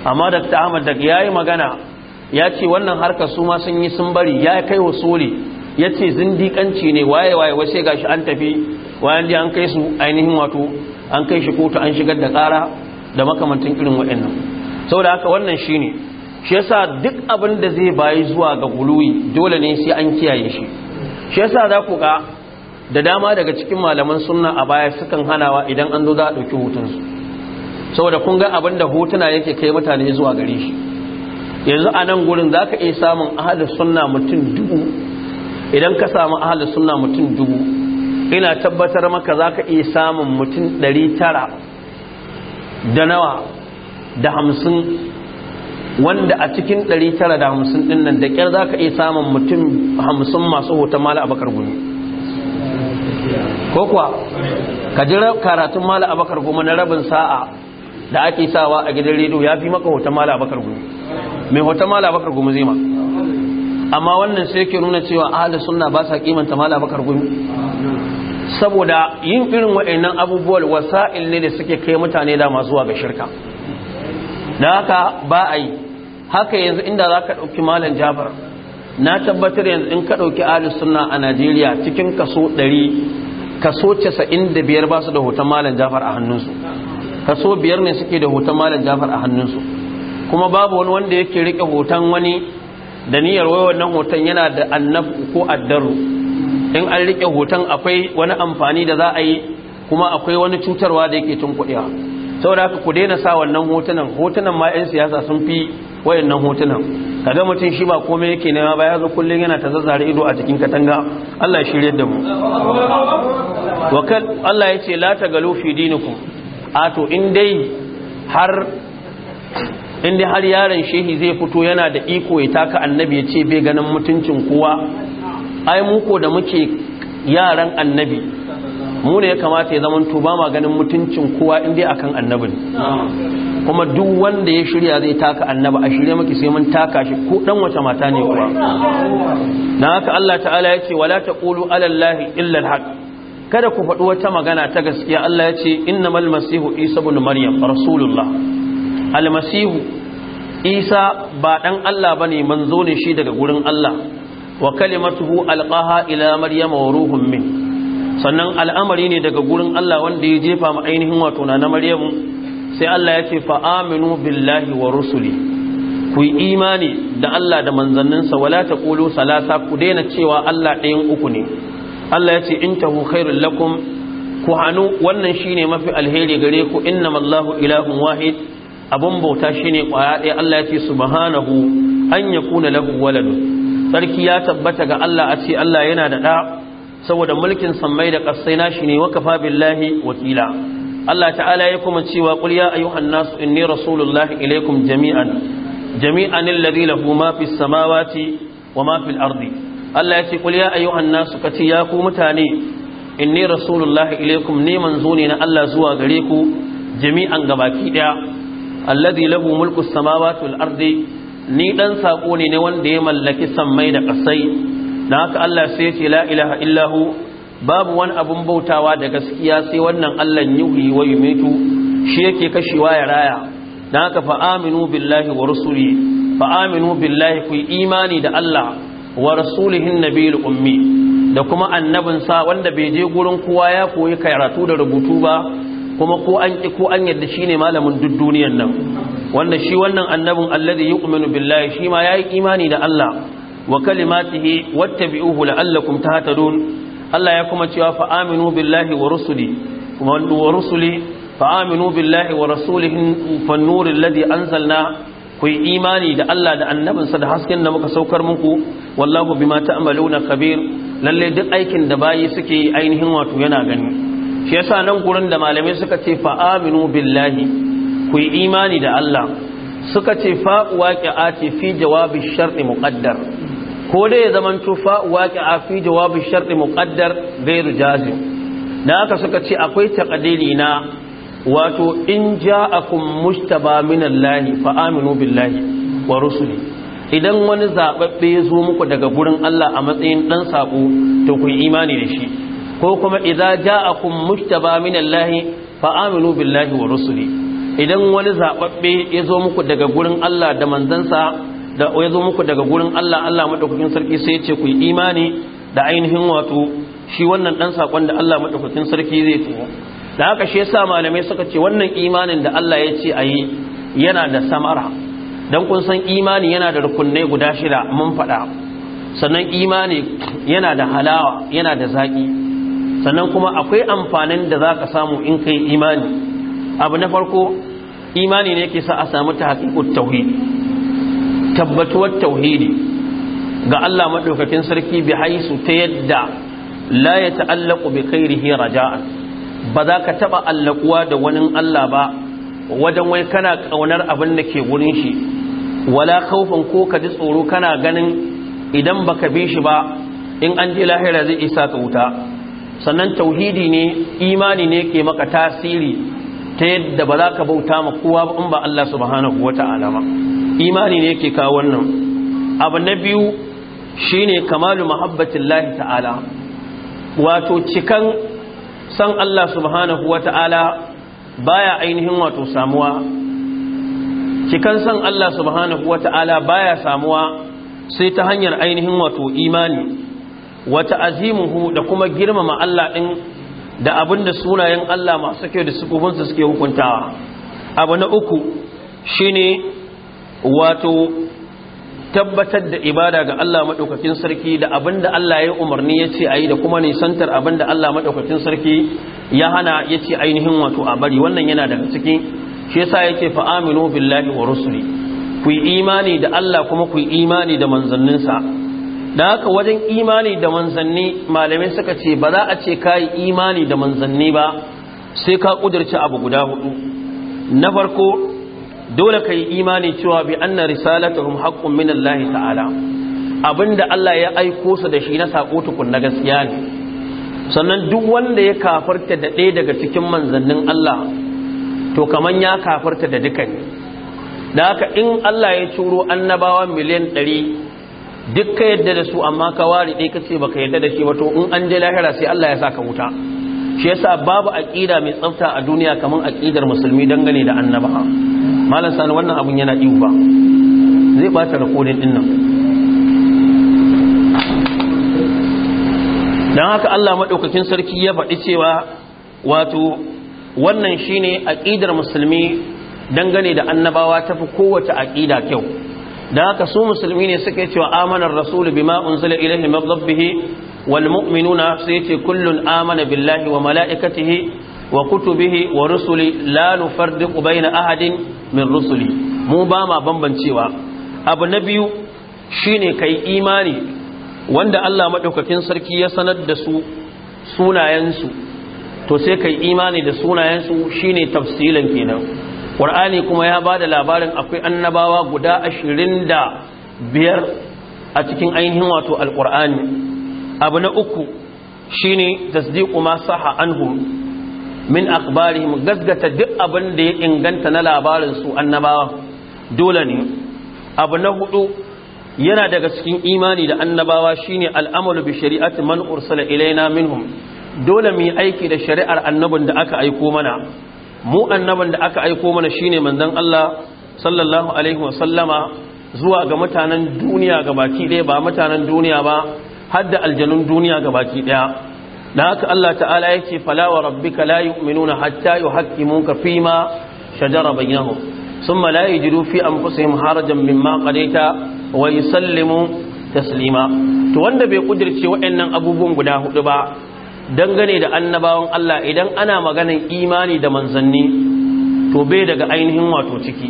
[SPEAKER 1] amma Dr. Ahmad da yayi magana ya ce wannan harka su ma sun yi sun bari ya kai wasuli ya ce zindikanci ne waye waye wace gashi an tafi wayan da an kai su ainihin wato an kai shi kotu an shigar da ƙara da makamantan irin waɗannan saboda haka wannan shine shi yasa duk abin da zai bayi zuwa ga guluwi dole ne sai an kiyaye shi shi yasa za ku ga da dama daga cikin malaman sunna a baya sukan hanawa idan an zo za a ɗauki hutunsu saboda kun ga abin da hotuna yake kai mutane zuwa gare shi yanzu a nan gurin za ka iya samun ahalin suna mutum dubu idan ka samu ahalin suna mutum dubu ina tabbatar maka za ka iya samun mutum ɗari tara da nawa da hamsin wanda a cikin tara hamsin din nan da kyar za ka iya samun mutum hamsin masu hoton mala abakar gumi ko kuwa ka ji karatun mala abakar gumi na rabin sa'a da ake sawa a gidan rediyo ya fi maka hoton mala abakar gumi mai hoton mala bakar gumi ma amma wannan sai ke nuna cewa ahalus suna ba sa kimanta mala bakar gumi saboda yin irin wa'annan abubuwan wasa'il ne da suke kai mutane dama zuwa ga shirka da haka ba a yi haka yanzu inda za ka ɗauki malam jabar na tabbatar yanzu in ka ɗauki ahalus suna a najeriya cikin kaso ɗari kaso casa'in da biyar ba su da hoton malam jafar a hannunsu kaso biyar ne suke da hoton malam jafar a hannunsu kuma babu wani wanda yake rike hoton wani da niyyar wai wannan hoton yana da annabu ko addaru in an rike hoton akwai wani amfani da za a yi kuma akwai wani cutarwa da yake tun tunkuɗewa saboda haka ku daina sa wannan hotunan hotunan ma 'yan siyasa sun fi wayannan hotunan kaga mutum shi ba komai yake nema ba ya zo kullum yana ta zazzare ido a cikin katanga Allah ya shirye da mu wakal Allah ya ce la tagalu fi dinikum a to in dai har inda har yaran shehi zai fito yana da iko ya taka annabi ya ce bai ganin mutuncin kowa ai muko da muke yaran annabi mu ne ya kamata ya zamanto ba ma ganin mutuncin kowa inda akan annabin kuma duk wanda ya shirya zai taka annaba a shirya maki sai mun taka shi ko dan wace mata ne kuwa dan haka Allah ta'ala yace wala taqulu ala llahi illa alhaq kada ku faɗi wata magana ta gaskiya Allah yace innamal masihu isa ibn maryam rasulullah almasihu isa ba dan Allah bane manzo ne shi daga gurin Allah wa kalimatuhu alqaha ila maryama wa ruhum min sannan al'amari ne daga gurin Allah wanda ya jefa mu ainihin wato na maryamu sai Allah ya ce fa aminu billahi wa rusuli ku yi imani da Allah da manzanninsa wala taqulu salasa ku daina cewa Allah ɗayan uku ne Allah ya ce in tahu khairul lakum ku hanu wannan shine mafi alheri gare ku innamallahu ilahun wahid abun bauta shine kwaya ɗaya Allah ya ce subhanahu an yakuna lahu waladu sarki ya tabbata ga Allah a ce Allah yana da ɗa saboda mulkin sammai da ƙasai nashi ne wa kafa billahi wakila Allah ta'ala ya kuma cewa qul ya ayyuhan nasu ne rasulullahi ilaikum jami'an jami'an alladhi lahu ma fi samawati wa ma fil ardi Allah ya ce ƙulya a ayyuhan nasu kace ya ku mutane inni rasulullahi ilaikum ne manzo ne na Allah zuwa gare ku jami'an gabaki ɗaya. alladhi lahu mulku samawati wal ardi ni dan sako ne wanda ya mallaki sammai da kasai dan haka Allah sai ya ce la ilaha illahu babu wani abun bautawa da gaskiya sai wannan Allah yuhi wa yumitu
[SPEAKER 2] shi yake kashewa ya
[SPEAKER 1] raya dan haka fa aminu billahi wa rusuli fa aminu billahi ku imani da Allah wa rasulihin nabiyil ummi da kuma annabinsa wanda bai je gurin kowa ya koyi karatu da rubutu ba kuma ko an ki ko an yadda shine malamin duk duniyar nan wanda shi wannan annabin alladhi yu'minu billahi shi ma yayi imani da Allah wa kalimatihi wattabi'uhu la'allakum tahtadun Allah ya kuma cewa fa aminu billahi wa rusuli kuma wa rusuli fa aminu billahi wa rasulihi fan nuril anzalna ku yi imani da Allah da annabinsa da hasken da muka saukar muku wallahu bima ta'maluna Kabir? lalle duk aikin da bayi suke ainihin wato yana gani shi yasa nan gurin da malamai suka ce fa aminu billahi ku yi imani da Allah suka ce fa waqi'a ce fi jawabi sharti muqaddar ko dai ya zaman to fa waqi'a fi jawabi sharti muqaddar bai jazim na haka suka ce akwai taqdiri na wato in ja'akum mustaba min Allah fa aminu billahi wa rusuli idan wani zababbe ya zo muku daga gurin Allah a matsayin ɗan saƙo, to ku yi imani da shi ko kuma idza ja'akum mujtaba min Allah fa aminu billahi wa rusuli idan wani zababbe yazo muku daga gurin Allah da manzansa da yazo muku daga gurin Allah Allah madaukakin sarki sai ya ce ku imani da ainihin wato shi wannan dan sakon da Allah madaukakin sarki zai tuwo da haka shi yasa malamai suka ce wannan imanin da Allah ya ce ayi yana da samara dan kun san imani yana da rukunai guda shida mun faɗa sannan imani yana da halawa yana da zaki sannan kuma akwai amfanin da za ka samu in kai imani abu na farko imani ne ke sa a samu ta haƙiƙut tauhidi tabbatuwar tauhidi ga Allah maɗaukakin sarki bi haisu ta yadda la ya ta'allaku bi khairihi raja'an ba za ka taɓa allakuwa da wani Allah ba wajen wai kana ƙaunar abin da ke wurin shi wala kaufin ko ka ji tsoro kana ganin idan baka bi shi ba in an ji lahira zai isa ka wuta sannan tauhidi ne imani ne ke maka tasiri ta yadda ba za ka bauta ma kowa ba in ba Allah subhanahu ta'ala ba imani ne ke kawo wannan abu na biyu shine kamalu mahabbatillahi ta'ala wato cikan san Allah subhanahu ta'ala baya ainihin wato samuwa cikan san Allah subhanahu ta'ala baya samuwa sai ta hanyar ainihin wato imani wata azimuhu da kuma girmama Allah ɗin da abinda sunayen Allah masu kyau da sukufinsa suke hukuntawa abu na uku shine wato tabbatar da ibada ga Allah madaukakin sarki da abinda Allah ya umarni ya ce da kuma nisantar santar abinda Allah madaukakin sarki ya hana yace ainihin wato a bari wannan yana daga cikin shi yasa yake Aminu billahi wa rusuli ku yi imani da Allah kuma ku yi imani da manzanninsa da haka wajen imani da manzanni malamai suka ce ba za a ce ka yi imani da manzanni ba sai ka ƙudurci abu guda hudu na farko dole ka yi imani cewa bi anna risalatuhum haƙƙun min Allah ta'ala abinda Allah ya aiko su da shi na sako tukun na gaskiya ne sannan duk wanda ya kafarta da ɗaya daga cikin manzannin Allah to kamar ya kafarta da duka ne da haka in Allah ya curo annabawa miliyan ɗari. duk ka yadda da su amma ka ware ɗaya ka ce ba yadda da shi ba to in an je lahira sai Allah ya sa ka wuta shi yasa babu aƙida mai tsafta a duniya kamar aƙidar musulmi dangane da annaba malam sani wannan abun yana iyu ba zai ɓata rikodin ɗin nan don haka Allah maɗaukakin sarki ya faɗi cewa wato wannan shine aƙidar musulmi dangane da annabawa tafi kowace aƙida kyau da haka su musulmi ne suka cewa amanar rasulu bima unzila ilaihi min rabbih wal mu'minuna sai ce kullun amana billahi wa malaikatihi wa kutubihi wa rusuli la nufarriqu baina ahadin min rusuli mu ba ma bambancewa abu na biyu shine kai imani wanda Allah madaukakin sarki ya sanar da su sunayensu to sai kai imani da sunayensu shine tafsilan kenan ƙur'ani kuma ya ba da labarin akwai annabawa guda ashirin da biyar a cikin ainihin wato Al-Qur'ani. abu na uku shine tasdiqu ma saha anhum min akhbarihim gasgata duk abin da ya inganta na labarin su annabawa dole ne abu na hudu yana daga cikin imani da annabawa shine al'amalu bi shari'ati man ursala ilaina minhum dole mu yi aiki da shari'ar annabin da aka aiko mana mu annaban da aka aiko mana shine manzon Allah sallallahu alaihi zuwa ga mutanen duniya gabaki daya ba mutanen duniya ba hadda aljanun duniya gabaki daya da haka Allah ta'ala yake fala wa rabbika la yu'minuna hatta yuhaqqimuka fima shajara bainahum thumma la yajidu fi anfusihim harajan mimma qadaita wa yusallimu taslima to wanda bai kudirce waɗannan abubuwan guda hudu ba dangane da annabawan Allah idan ana maganin imani da manzanni to bai daga ainihin wato ciki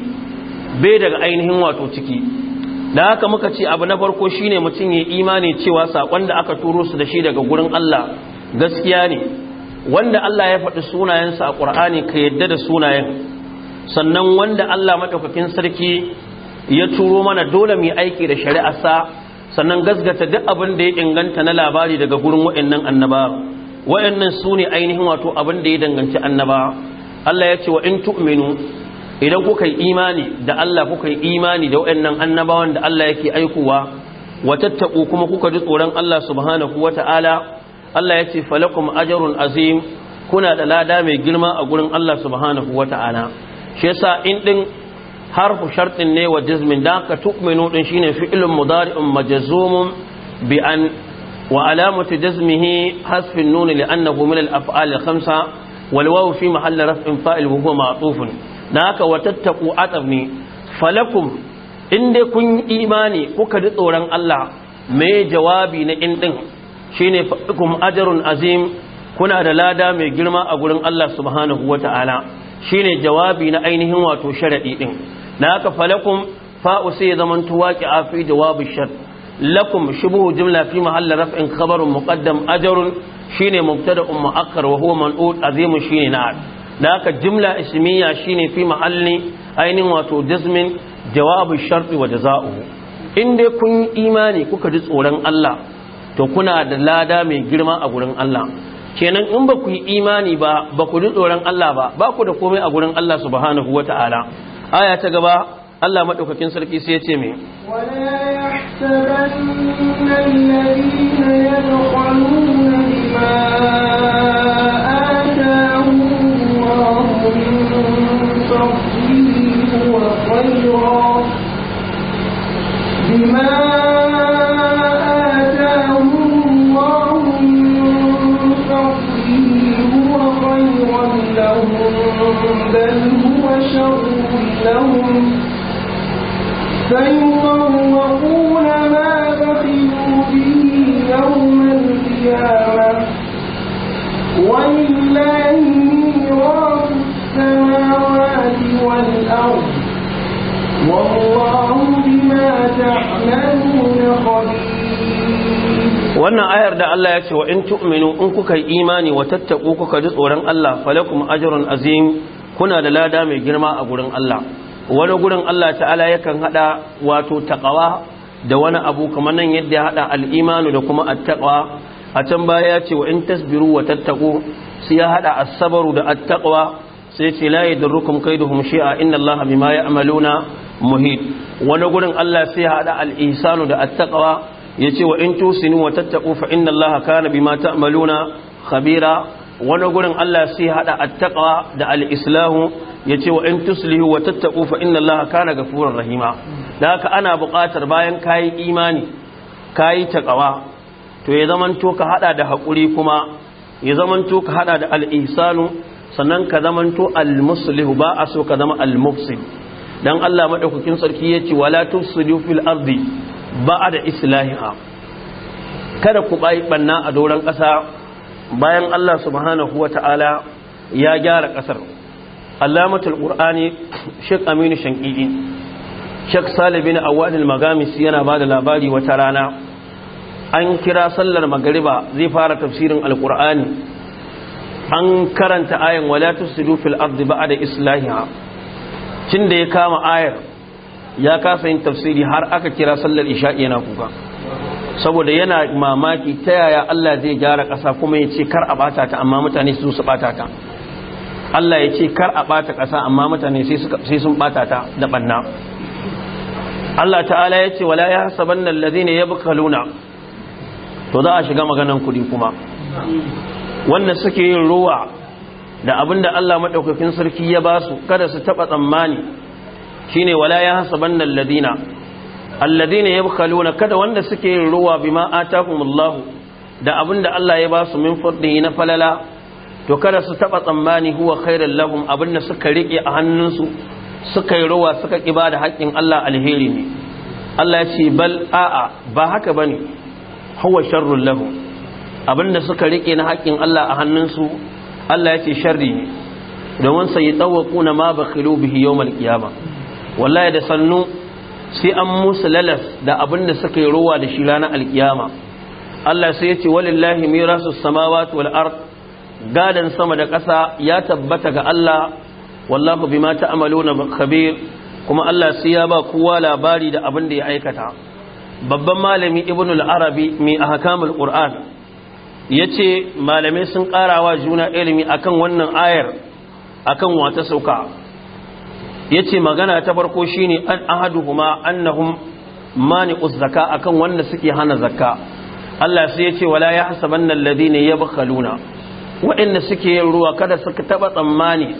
[SPEAKER 1] bai daga ainihin wato ciki da haka muka ce abu na farko shine mutum ya imani cewa sakon da aka turo su da shi daga gurin Allah gaskiya ne wanda Allah ya faɗi sunayensa a Qur'ani ka yadda da sunayen sannan wanda Allah madaukakin sarki ya turo mana dole mu aiki da shari'arsa sannan gaskata duk abin da ya inganta na labari daga gurin waɗannan annabawa wayannan su ne ainihin wato abin da ya danganci annaba Allah ya ce wa in tu'minu idan kuka yi imani da Allah kuka yi imani da wayannan annabawan da Allah yake aikowa wa tattaku kuma kuka ji tsoron Allah subhanahu wata'ala Allah ya ce falakum ajrun azim kuna da lada mai girma a gurin Allah subhanahu wata'ala shi yasa in din harfu shartin ne wa jazmin da ka tu'minu din shine fi'lun mudari'un majzumun bi an وعلامة جزمه حذف النون لأنه من الأفعال الخمسة والواو في محل رفع فائل وهو معطوف ناك وتتقوا أتبني فلكم إن كن إيماني وكد طوران الله مي جوابي نإن دن شين فلكم أجر عظيم كنا دلادا مي جرما أقولن الله سبحانه وتعالى شين جوابي نأينهم واتو شرعي دن ناك فلكم فأسي ذمن تواكع في جواب الشرط lakum shubuhu jimla fi mahalli raf'in kabarin muqaddam ajarun shine mubtada'un um mu'akkar wa huwa man'ud azimun shine na'at da haka jumla ismiya shine fi mahalli ainihin wato jazmin jawabu sharti wa jaza'uhu in dai kun imani kuka ji tsoron Allah to kuna da lada mai girma a gurin Allah kenan in ba yi imani ba ku ji tsoron Allah ba ba da komai a gurin Allah subhanahu wata'ala aya ta gaba Allah madaukakin sarki sai ya ce me wala
[SPEAKER 2] yahsabanna alladhina yadkhuluna bima atahum Allahu min fadlihi huwa khayran bima لهم فيطوقون ما
[SPEAKER 1] wannan ayar da Allah ya ce wa in tu'minu in kuka yi imani wa tattaku kuka ji tsoron Allah falakum ajrun azim kuna da lada mai girma a gurin Allah wani gurin Allah ta'ala yakan hada wato Taqawa da wani abu kamar nan yadda ya hada al-imanu da kuma at a can baya ya ce wa in tasbiru wa tattaqu sai ya hada as-sabru da at-taqwa sai ce la yadurrukum kaiduhum shi'a inna Allaha bima ya'maluna muhit wani gurin Allah sai ya hada al-ihsanu da at yace wa in tusinu wa tattaqu fa inna Allaha kana bima ta'maluna khabira wani gurin Allah sai ya hada at da al-islahu ya ce wa ‘yan tuslihu wa tattaku fa inna Allah kana gafuran rahima da haka ana buƙatar bayan kayi imani kayi taƙawa to ya to ka haɗa da haƙuri kuma ya to ka haɗa da al'isanu sannan ka zamanto al musulihu ba a so ka zama al-mufsid dan Allah madaukakin sarki ya ce wala tufsidu fil ardi islahi islahiha kada ku bai banna a doron ƙasa bayan Allah subhanahu wataala ya gyara ƙasar. alamatul qur'ani shek aminu shankidi shek salibin awadil magamisi yana ba da labari wata rana an kira sallar magariba zai fara tafsirin Alƙur'ani an karanta ayan wala tusidu fil ardi ba'da islahiha tunda ya kama ayar ya kasa yin tafsiri har aka kira sallar isha'i yana kuka saboda yana mamaki ta yaya Allah zai gyara ƙasa kuma ya ce kar a bata ta amma mutane su su bata ta Allah ya ce kar a bata ƙasa amma mutane sai sun bata ta da ɓanna. Allah ta'ala ya ce wala ya saban nan lazina ya bukaluna to za a shiga maganan kuɗi kuma wannan suke yin ruwa da da Allah maɗaukakin sarki ya ba su kada su taɓa tsammani shine wala ya saban nan lazina alladina yabkhaluna kada wanda suke yin ruwa bima atakumullahu da abinda Allah ya ba su min fadli na falala to kada su taba tsammani huwa khairal lahum abinda suka rike a hannunsu suka yi ruwa suka kiba da haƙƙin Allah alheri ne Allah ya ce bal a'a ba haka bane huwa sharrul lahum abinda suka rike na haƙƙin Allah a hannunsu Allah ya ce sharri ne domin sai tawquna ma bakhilu bihi yawmal qiyama wallahi da sannu sai an musu lalas da abinda suka yi ruwa da shi ranar alkiyama Allah sai ya ce walillahi mirasus samawati wal ardh gadan sama da ƙasa ya tabbata ga Allah wallahu bima ta'maluna khabir kuma Allah sai ya ba kowa labari da abin da ya aikata babban malami ibnu al-arabi mai ahkamul qur'an yace malamai sun karawa juna ilimi akan wannan ayar akan wata sauka yace magana ta farko shine an ahaduhuma annahum mani'uz zakka akan wanda suke hana zakka Allah sai yace wala yahsabanna alladhina yabkhaluna waɗanda suke yin ruwa kada suka taɓa tsammani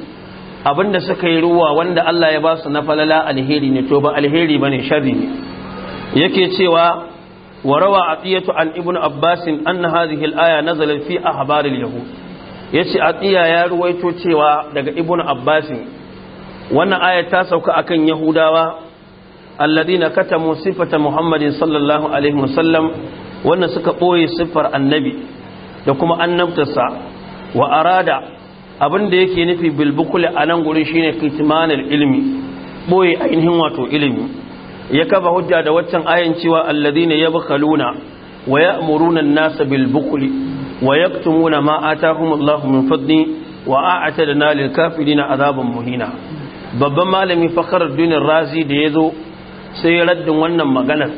[SPEAKER 1] abinda suka yi ruwa wanda Allah ya ba su na falala alheri ne to ba alheri ba ne sharri ne yake cewa wa rawa atiyatu an ibn abbas anna hadhihi al-aya nazalat fi ahbar al-yahud yace atiya ya ruwaito cewa daga ibn abbas wannan aya ta sauka akan yahudawa alladhina katamu sifata muhammadin sallallahu alaihi wasallam wannan suka boye siffar annabi da kuma annabtarsa wa arada abin yake nufi bilbukul a nan gurin shine kitmanul ilmi boye ainihin wato ilimi ya kafa hujja da waccan ayan cewa alladhina yabkhaluna wa ya'muruna an-nasa bilbukuli wa yaktumuna ma atahumullahu min fadli wa a'tadna lil kafirina azaban muhina babban malami fakhruddin razi da yazo sai ya raddin wannan maganar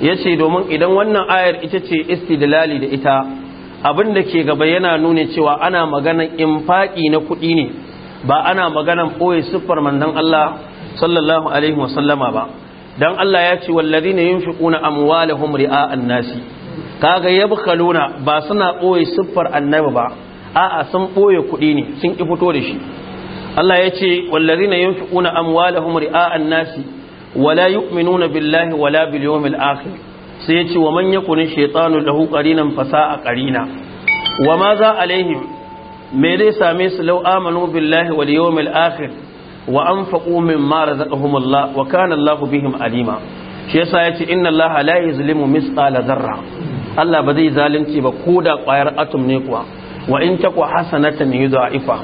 [SPEAKER 1] yace domin idan wannan ayar ita ce istidlali da ita abin da ke gaba yana nuna cewa ana maganan faƙi na kuɗi ne ba ana maganan ɓoye siffar mandan Allah sallallahu alaihi wasallama ba dan Allah ya ce wallazi ne yunfiquna amwalahum ri'a'an nasi kaga yabkhaluna ba suna ɓoye siffar annabi ba a'a sun ɓoye kuɗi ne sun ki fito da shi Allah ya ce wallazi ne yunfiquna amwalahum ri'a'an nasi wala yu'minuna billahi wala bil yawmil akhir sai ya ci wa man yakuni shaytanu dahu qarinan fasa'a karina wa ma za alaihim me zai same su lau amanu billahi wal yawmil akhir wa mara mimma razaqahumullah wa kana Allahu bihim alima shi yasa yace inna Allaha la zulimu mithqala zarra. Allah ba zai zalunci ba ko da ƙwayar atom ne kuwa wa in takwa hasanatan yudha'ifa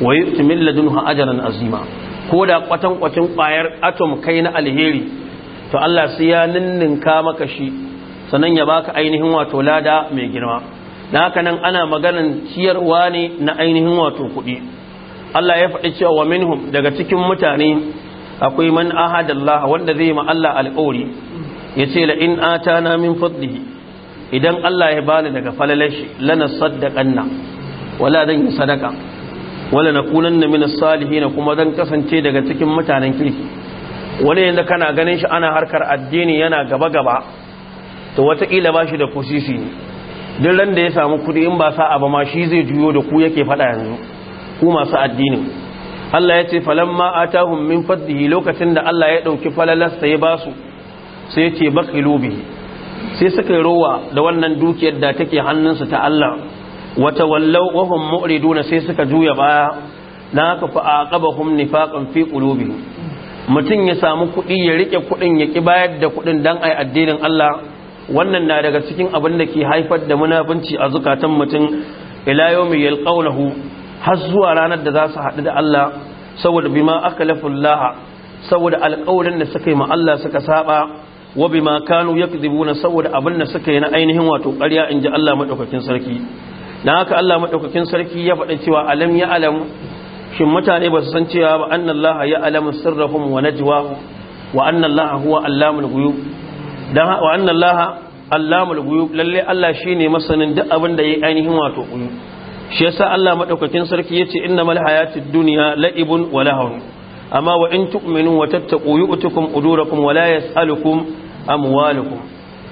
[SPEAKER 1] wa yu'ti min ladunha ajran azima ko da kwatan kwacin ƙwayar atom kai na alheri to Allah sai ya ninninka maka shi sannan ya baka ainihin wato lada mai girma dan haka nan ana maganan ciyarwa ne na ainihin wato kuɗi Allah ya faɗi cewa wa minhum daga cikin mutane akwai man ahadallah wanda zai ma Allah alƙawari yace la in atana min fadlihi idan Allah ya bani daga falalashi lana saddaqanna wala dan sadaka wala nakunanna min as-salihin kuma dan kasance daga cikin mutanen kirki wani yadda kana ganin shi ana harkar addini yana gaba-gaba to wataƙila ba shi da kusisi ne duk ran da ya samu kuɗi in ba sa abu ma shi zai juyo da ku yake faɗa yanzu ku masu addini Allah ya ce a ta min faddihi lokacin da Allah ya ɗauki falalasta ya ba su sai ce baki lobe sai suka yi rowa da wannan dukiyar da take hannunsu ta Allah wata wallau wahum mu'riduna sai suka juya baya na haka ƙaba aqabahum nifaƙan fi ƙulobi mutum ya samu kuɗi ya riƙe kuɗin ya ƙi bayar da kuɗin don a yi addinin Allah wannan na daga cikin abin da ke haifar da munafunci a zukatan mutum ila mai yalƙaunahu har zuwa ranar da za su haɗu da Allah saboda bima laha saboda alƙawarin da suka yi ma Allah suka saba wa bima kanu yakdhibuna saboda abin da suka na ainihin wato ƙarya ji Allah maɗaukakin sarki Na haka Allah maɗaukakin sarki ya faɗa cewa alam ya alam shin mutane ba su san cewa ba anna Allah ya alamu sirrahum wa najwa wa anna Allah huwa allamul ghuyub dan wa anna laha, allamul ghuyub lalle Allah shi ne masanin duk abin da yi ainihin wato kuyu shi yasa Allah maɗaukakin sarki ya ce yace innamal hayatud duniya la'ibun wa lahun amma wa in tu'minu wa tattaqu yu'tukum udurakum wa la yas'alukum amwalukum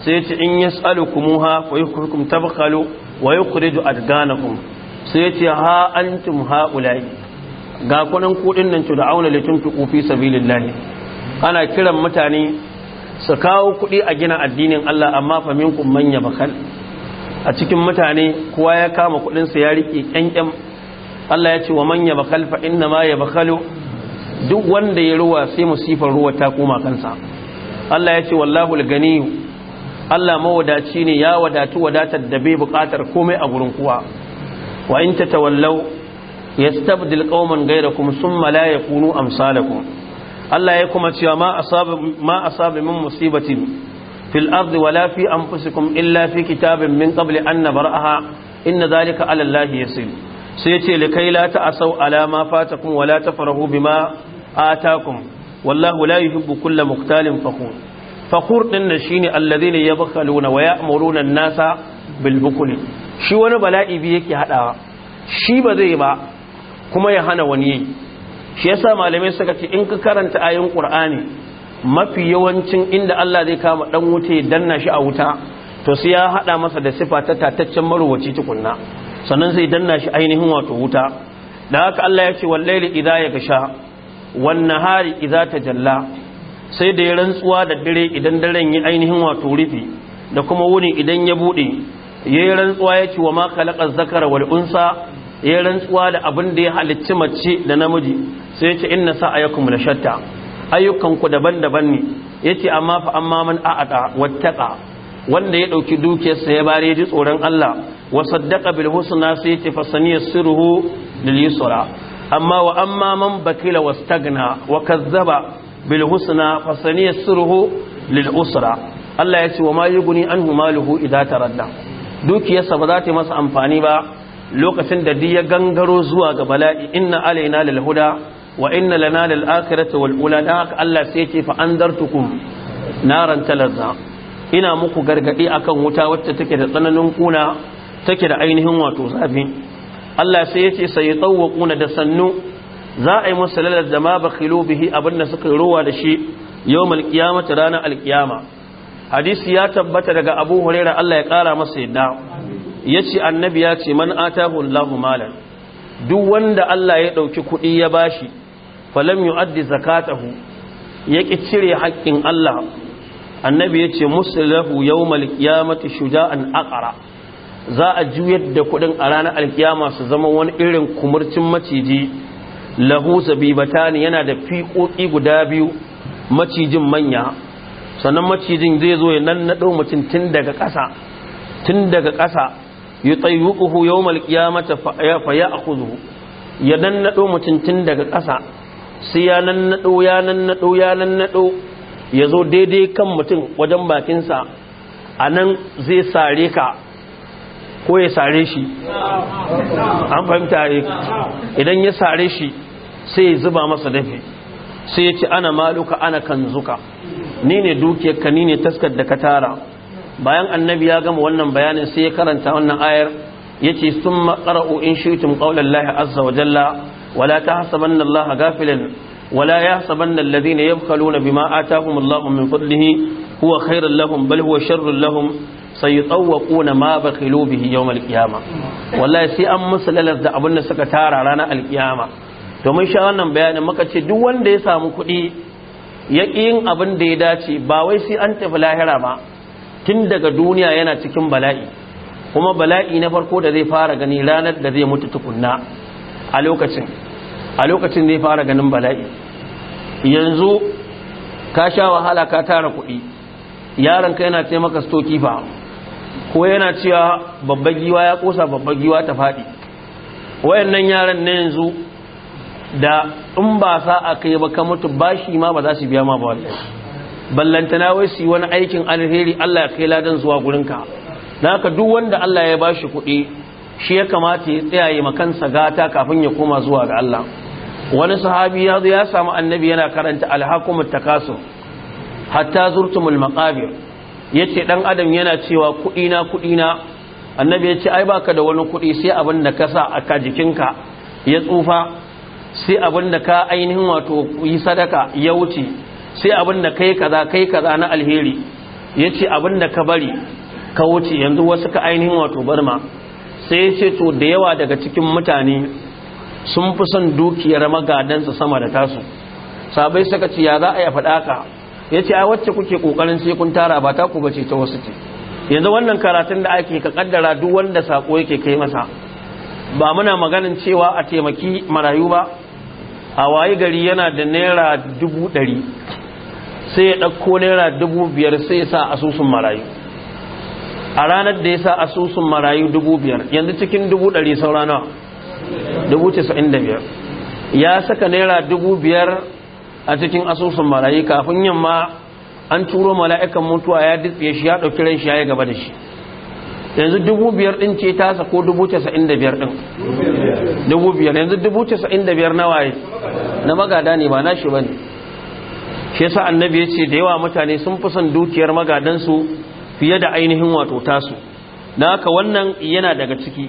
[SPEAKER 1] sai ya yace in yas'alukumuha fa yukhrikum tabqalu wa yukhriju adganakum sai ya ce ha antum haula'i ga kunan kudin nan da auna litin tuku fi sabilillahi ana kiran mutane su kawo kudi a gina addinin Allah amma fa minkum manya bakal. a cikin mutane kuwa ya kama kudin sa ya riƙe kyankyan Allah ya ce wa manya bakal fa inna ma bakalo. duk wanda ya ruwa sai musifar ruwa ta koma kansa Allah ya ce wallahu al-ganiyu Allah mawadaci ne ya wadatu wadatar da bai bukatar komai a gurin kuwa. wa in tawallau. yastabdil qauman ghayrakum thumma la yakunu amsalakum Allah ya kuma cewa ma asaba ma asaba min musibatin fil ardi wala fi anfusikum illa fi kitabin min qabli an nabraha inna dhalika ala Allah yasir sai ya ce likai la ta'asau ala ma fatakum wala tafrahu bima atakum wallahu la yuhibbu kulla muktalin fakhur fakhur din ne shine alladhina yabkhaluna wa ya'muruna an-nasa bil bukli shi wani bala'i bi yake hadawa shi ba zai ba kuma ya hana wani yi shi yasa malamai suka ce in ka karanta ayin qur'ani mafi yawancin inda Allah zai kama ɗan wuta ya danna shi a wuta to sai ya hada masa da sifa ta tataccen maruwaci tukunna sannan zai danna shi ainihin wato wuta da haka Allah ya ce wallaili idza yaksha wan nahari idza jalla sai da ya rantsuwa da dare idan daren yi ainihin wato rufi da kuma wuni idan ya bude yayi rantsuwa ya ce wa ma khalaqa zakara wal unsa ya rantsuwa da abin da ya halicci mace da namiji sai yace inna sa'ayakum la shatta ayyukan Ayyukanku daban-daban ne yace amma fa amma man a'ata wattaqa wanda ya dauki dukiyarsa ya bare ji tsoron Allah wa saddaqa bil husna sai yace fa saniyasiruhu lil yusra amma wa amma man bakila wastagna wa kazzaba bil husna fa saniyasiruhu lil usra Allah yace wa ma yughni anhu maluhu idza taradda dukiyarsa ba za ta masa amfani ba lokacin da duk ya gangaro zuwa ga bala'i inna alaina lil huda wa inna lana lil akhirati wal ula haka Allah sai yake fa anzartukum naran talazza ina muku gargadi akan wuta wacce take da tsananin kuna take da ainihin wato zafi Allah sai yace sai kuna da sannu za a yi musu lalar da ma bakhilu bihi abinda suka rowa da shi yawmal qiyamati ranar alqiyama hadisi ya tabbata daga Abu Hurairah Allah ya kara masa yadda yace annabi ya ce man atahu Allahu malan duk wanda Allah ya dauki kudi ya bashi falam yu'addi zakatahu ki cire haƙƙin Allah annabi yace musallahu yawmal qiyamati shuja'an aqra za a juyar da kudin a ranar alkiyama su zama wani irin kumurcin maciji lahu sabibatani yana da fiƙoƙi guda biyu macijin manya sannan macijin zai zo ya nan na mutum tun daga ƙasa tun daga ƙasa yutayyuquhu yawmal qiyamati fa ya'khudhu ya nannado mutuntun daga ƙasa sai ya nannado ya nannado ya nannado ya zo daidai kan mutum wajen bakin a nan zai sare ka ko ya sare shi an fahimta eh. idan ya sare shi sai ya zuba masa dafi sai ya ce ana maluka ana kanzuka ni ne dukiyarka ni ne taskar da ka tara bayan annabi ya gama wannan bayanin sai ya karanta wannan ayar yace summa qara'u in ƙaunar qawlallahi azza wa jalla wala tahsabanna allaha ghafilan wala yahsabanna alladhina yabkhaluna bima ataahumullahu min fadlihi huwa khairan lahum bal huwa sharrun lahum sayutawwaquna ma bakhilu bihi yawm alqiyama Wala sai an musu lalar da abin da suka tara ranar alkiyama to mun sha wannan bayanin maka ce duk wanda ya samu kuɗi ya yin abin da ya dace ba wai sai an tafi lahira ba tun daga duniya yana cikin bala'i kuma bala'i na farko da zai fara gani ranar da zai mutu tukunna a lokacin a lokacin zai fara ganin bala'i yanzu ka sha wahala ka tara kuɗi yaranka yana ce maka stoki fa ko yana cewa babbar giwa ya kosa babbar giwa ta faɗi wayannan yaran ne yanzu da in ba sa kai ba ka mutu bashi ma ba za su biya ma ba wallahi ballantana wai su wani aikin alheri Allah ya kai ladan zuwa gurinka na ka duk wanda Allah ya ba shi kuɗi shi ya kamata ya tsayaye makansa gata kafin ya koma zuwa ga Allah wani sahabi ya zo ya samu annabi yana karanta alhakumut takasu hatta zurtumul maqabir yace dan adam yana cewa kuɗi na kuɗi na annabi ya ce ai baka da wani kuɗi sai abin da ka sa aka jikinka ya tsufa sai abin da ka ainihin wato yi sadaka ya wuce sai abinda kai kaza kai kaza na alheri ya ce ka bari ka wuce yanzu wasu ka ainihin wato barma sai ya to da yawa daga cikin mutane sun fi son dukiyar magadansa sama da tasu sabai suka ce ya za a ya faɗa ka ya ce wacce kuke kokarin sai kun tara ba ta ku bace ta wasu ce yanzu wannan karatun da ake ka kaddara duk wanda sako yake kai masa ba muna maganin cewa a taimaki marayu ba a waye gari yana da naira dubu ɗari sai ya ɗauko naira dubu biyar sai ya sa asusun marayu a ranar da ya sa asusun marayu dubu biyar yanzu cikin dubu ɗari saurana dubu casa'in da biyar ya saka naira dubu biyar a cikin asusun marayu kafin yamma an turo mala'ikan mutuwa ya ditse shi ya ɗauki ran shi ya yi gaba da shi yanzu dubu biyar ɗin ce tasa ko dubu casa'in da biyar ɗin dubu biyar yanzu dubu casa'in da biyar na waye na magada ne ba na shi ba ne shi yasa annabi ya ce da yawa mutane sun fi son dukiyar magadansu fiye da ainihin wato tasu na haka wannan yana daga ciki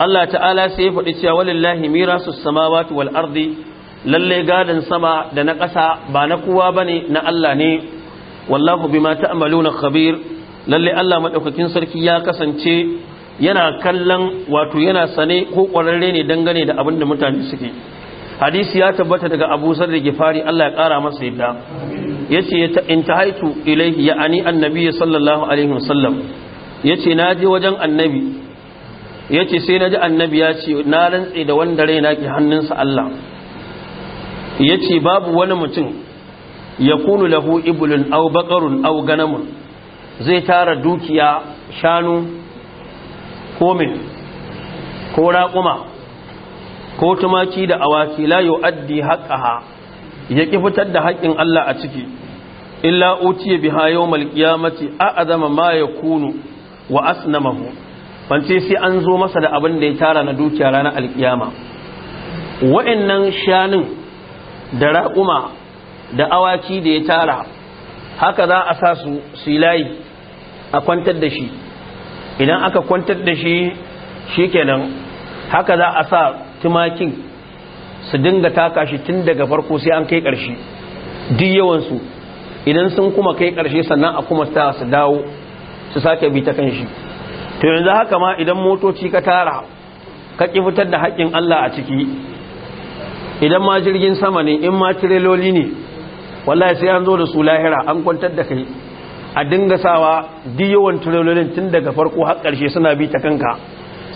[SPEAKER 1] Allah ta'ala sai ya faɗi cewa walillahi mirasu samawati wal ardi lalle gadan sama da na ƙasa ba na kowa bane na Allah ne wallahu bima ta'maluna khabir lalle Allah madaukakin sarki ya kasance yana kallon wato yana sane ko ƙwararre ne dangane da abin da mutane suke hadisi ya tabbata daga Abu sarri da Gifari Allah ya kara masa yadda Ya ce in ta intahaitu ya ani annabi sallallahu alaihi wasallam na naje wajen annabi Ya ce sai ji annabi ya ce na rantsi da wanda raina ke hannunsa Allah Ya ce babu wani mutum ya kunu lahu Ibulun au Bakarun au ganamun zai tara dukiya shanu komin ko raƙuma ko tumaki da awaki la yu'addi haqqaha ya ƙi fitar da haƙƙin Allah a ciki illa utiya biha yawmal qiyamati a'zama ma yakunu wa asnamahu fanti sai an zo masa da abin da ya tara na dukiya ranar alkiyama wa'annan shanin da raƙuma da awaki da ya tara haka za a sa su silai a kwantar da shi idan aka kwantar da shi shikenan haka za a sa tumakin su dinga taka shi tun daga farko sai an kai ƙarshe duk yawansu idan sun kuma kai ƙarshe sannan a kuma sa su dawo su sake bi ta kan shi to yanzu haka ma idan motoci ka tara ka ƙi fitar da haƙƙin Allah a ciki idan ma jirgin sama ne in ma tireloli ne wallahi sai an zo da su lahira an kwantar da kai a dinga sawa duk yawan tirelolin tun daga farko har ƙarshe suna bi ta kanka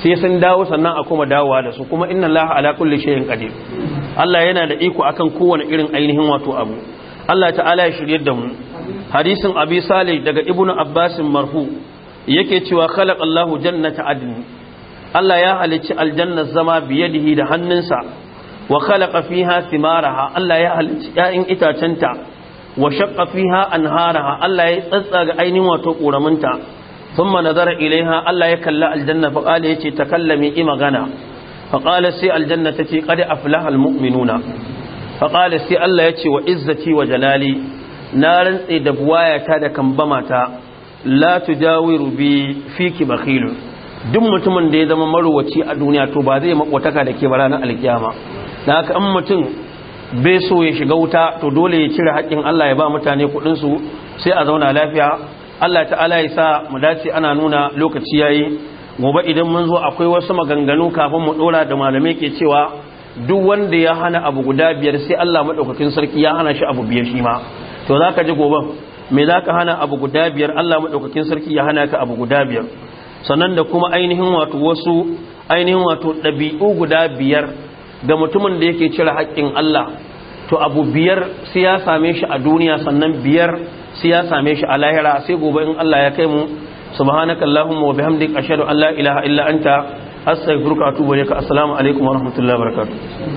[SPEAKER 1] sai sun dawo sannan a kuma dawowa da su kuma inna laha ala kulli shay'in qadir Allah yana da iko akan kowane irin ainihin wato abu Allah ta'ala ya shirye da mu hadisin abi salih daga ibnu abbas marhu yake cewa khalaq Allahu jannata adn Allah ya halicci aljanna zama biyadihi da hannunsa wa khalaqa fiha thimaraha Allah ya halicci 'ya'yan itacenta wa shaqqa fiha anharaha Allah ya tsatsaga ainihin wato ƙoraminta ثم نظر إليها الله يكلا الجنة فقال يتي تكلمي إما غنى فقال سي الجنة تتي قد أفلح المؤمنون فقال سي الله يتي وعزتي وجلالي نارا إدبوايا تادا كمبمتا لا تجاور بي فيك bakilu duk mutumin da ya zama marowaci a duniya to ba zai makwataka da ke ranar alkiyama da haka in mutum bai so ya shiga wuta to dole ya cire haƙƙin Allah ya ba mutane kuɗinsu sai a zauna lafiya Allah ta'ala ya sa mu dace ana nuna lokaci yayi gobe idan mun zo akwai wasu maganganu kafin mu dora da malamai ke cewa duk wanda ya hana abu guda biyar sai Allah madaukakin sarki ya hana shi abu biyar shi ma to zaka ji gobe me zaka hana abu guda biyar Allah madaukakin sarki ya hana ka abu guda biyar sannan da kuma ainihin wato wasu ainihin wato dabi'u guda biyar ga mutumin da yake cire haƙƙin Allah to abu biyar sai ya same shi a duniya sannan biyar sai ya same shi a lahira sai gobe in Allah ya kai mu subhanaka allahumma wa bihamdika ashhadu an la ilaha illa anta astaghfiruka wa atubu ilaik assalamu alaikum wa rahmatullahi wa barakatuh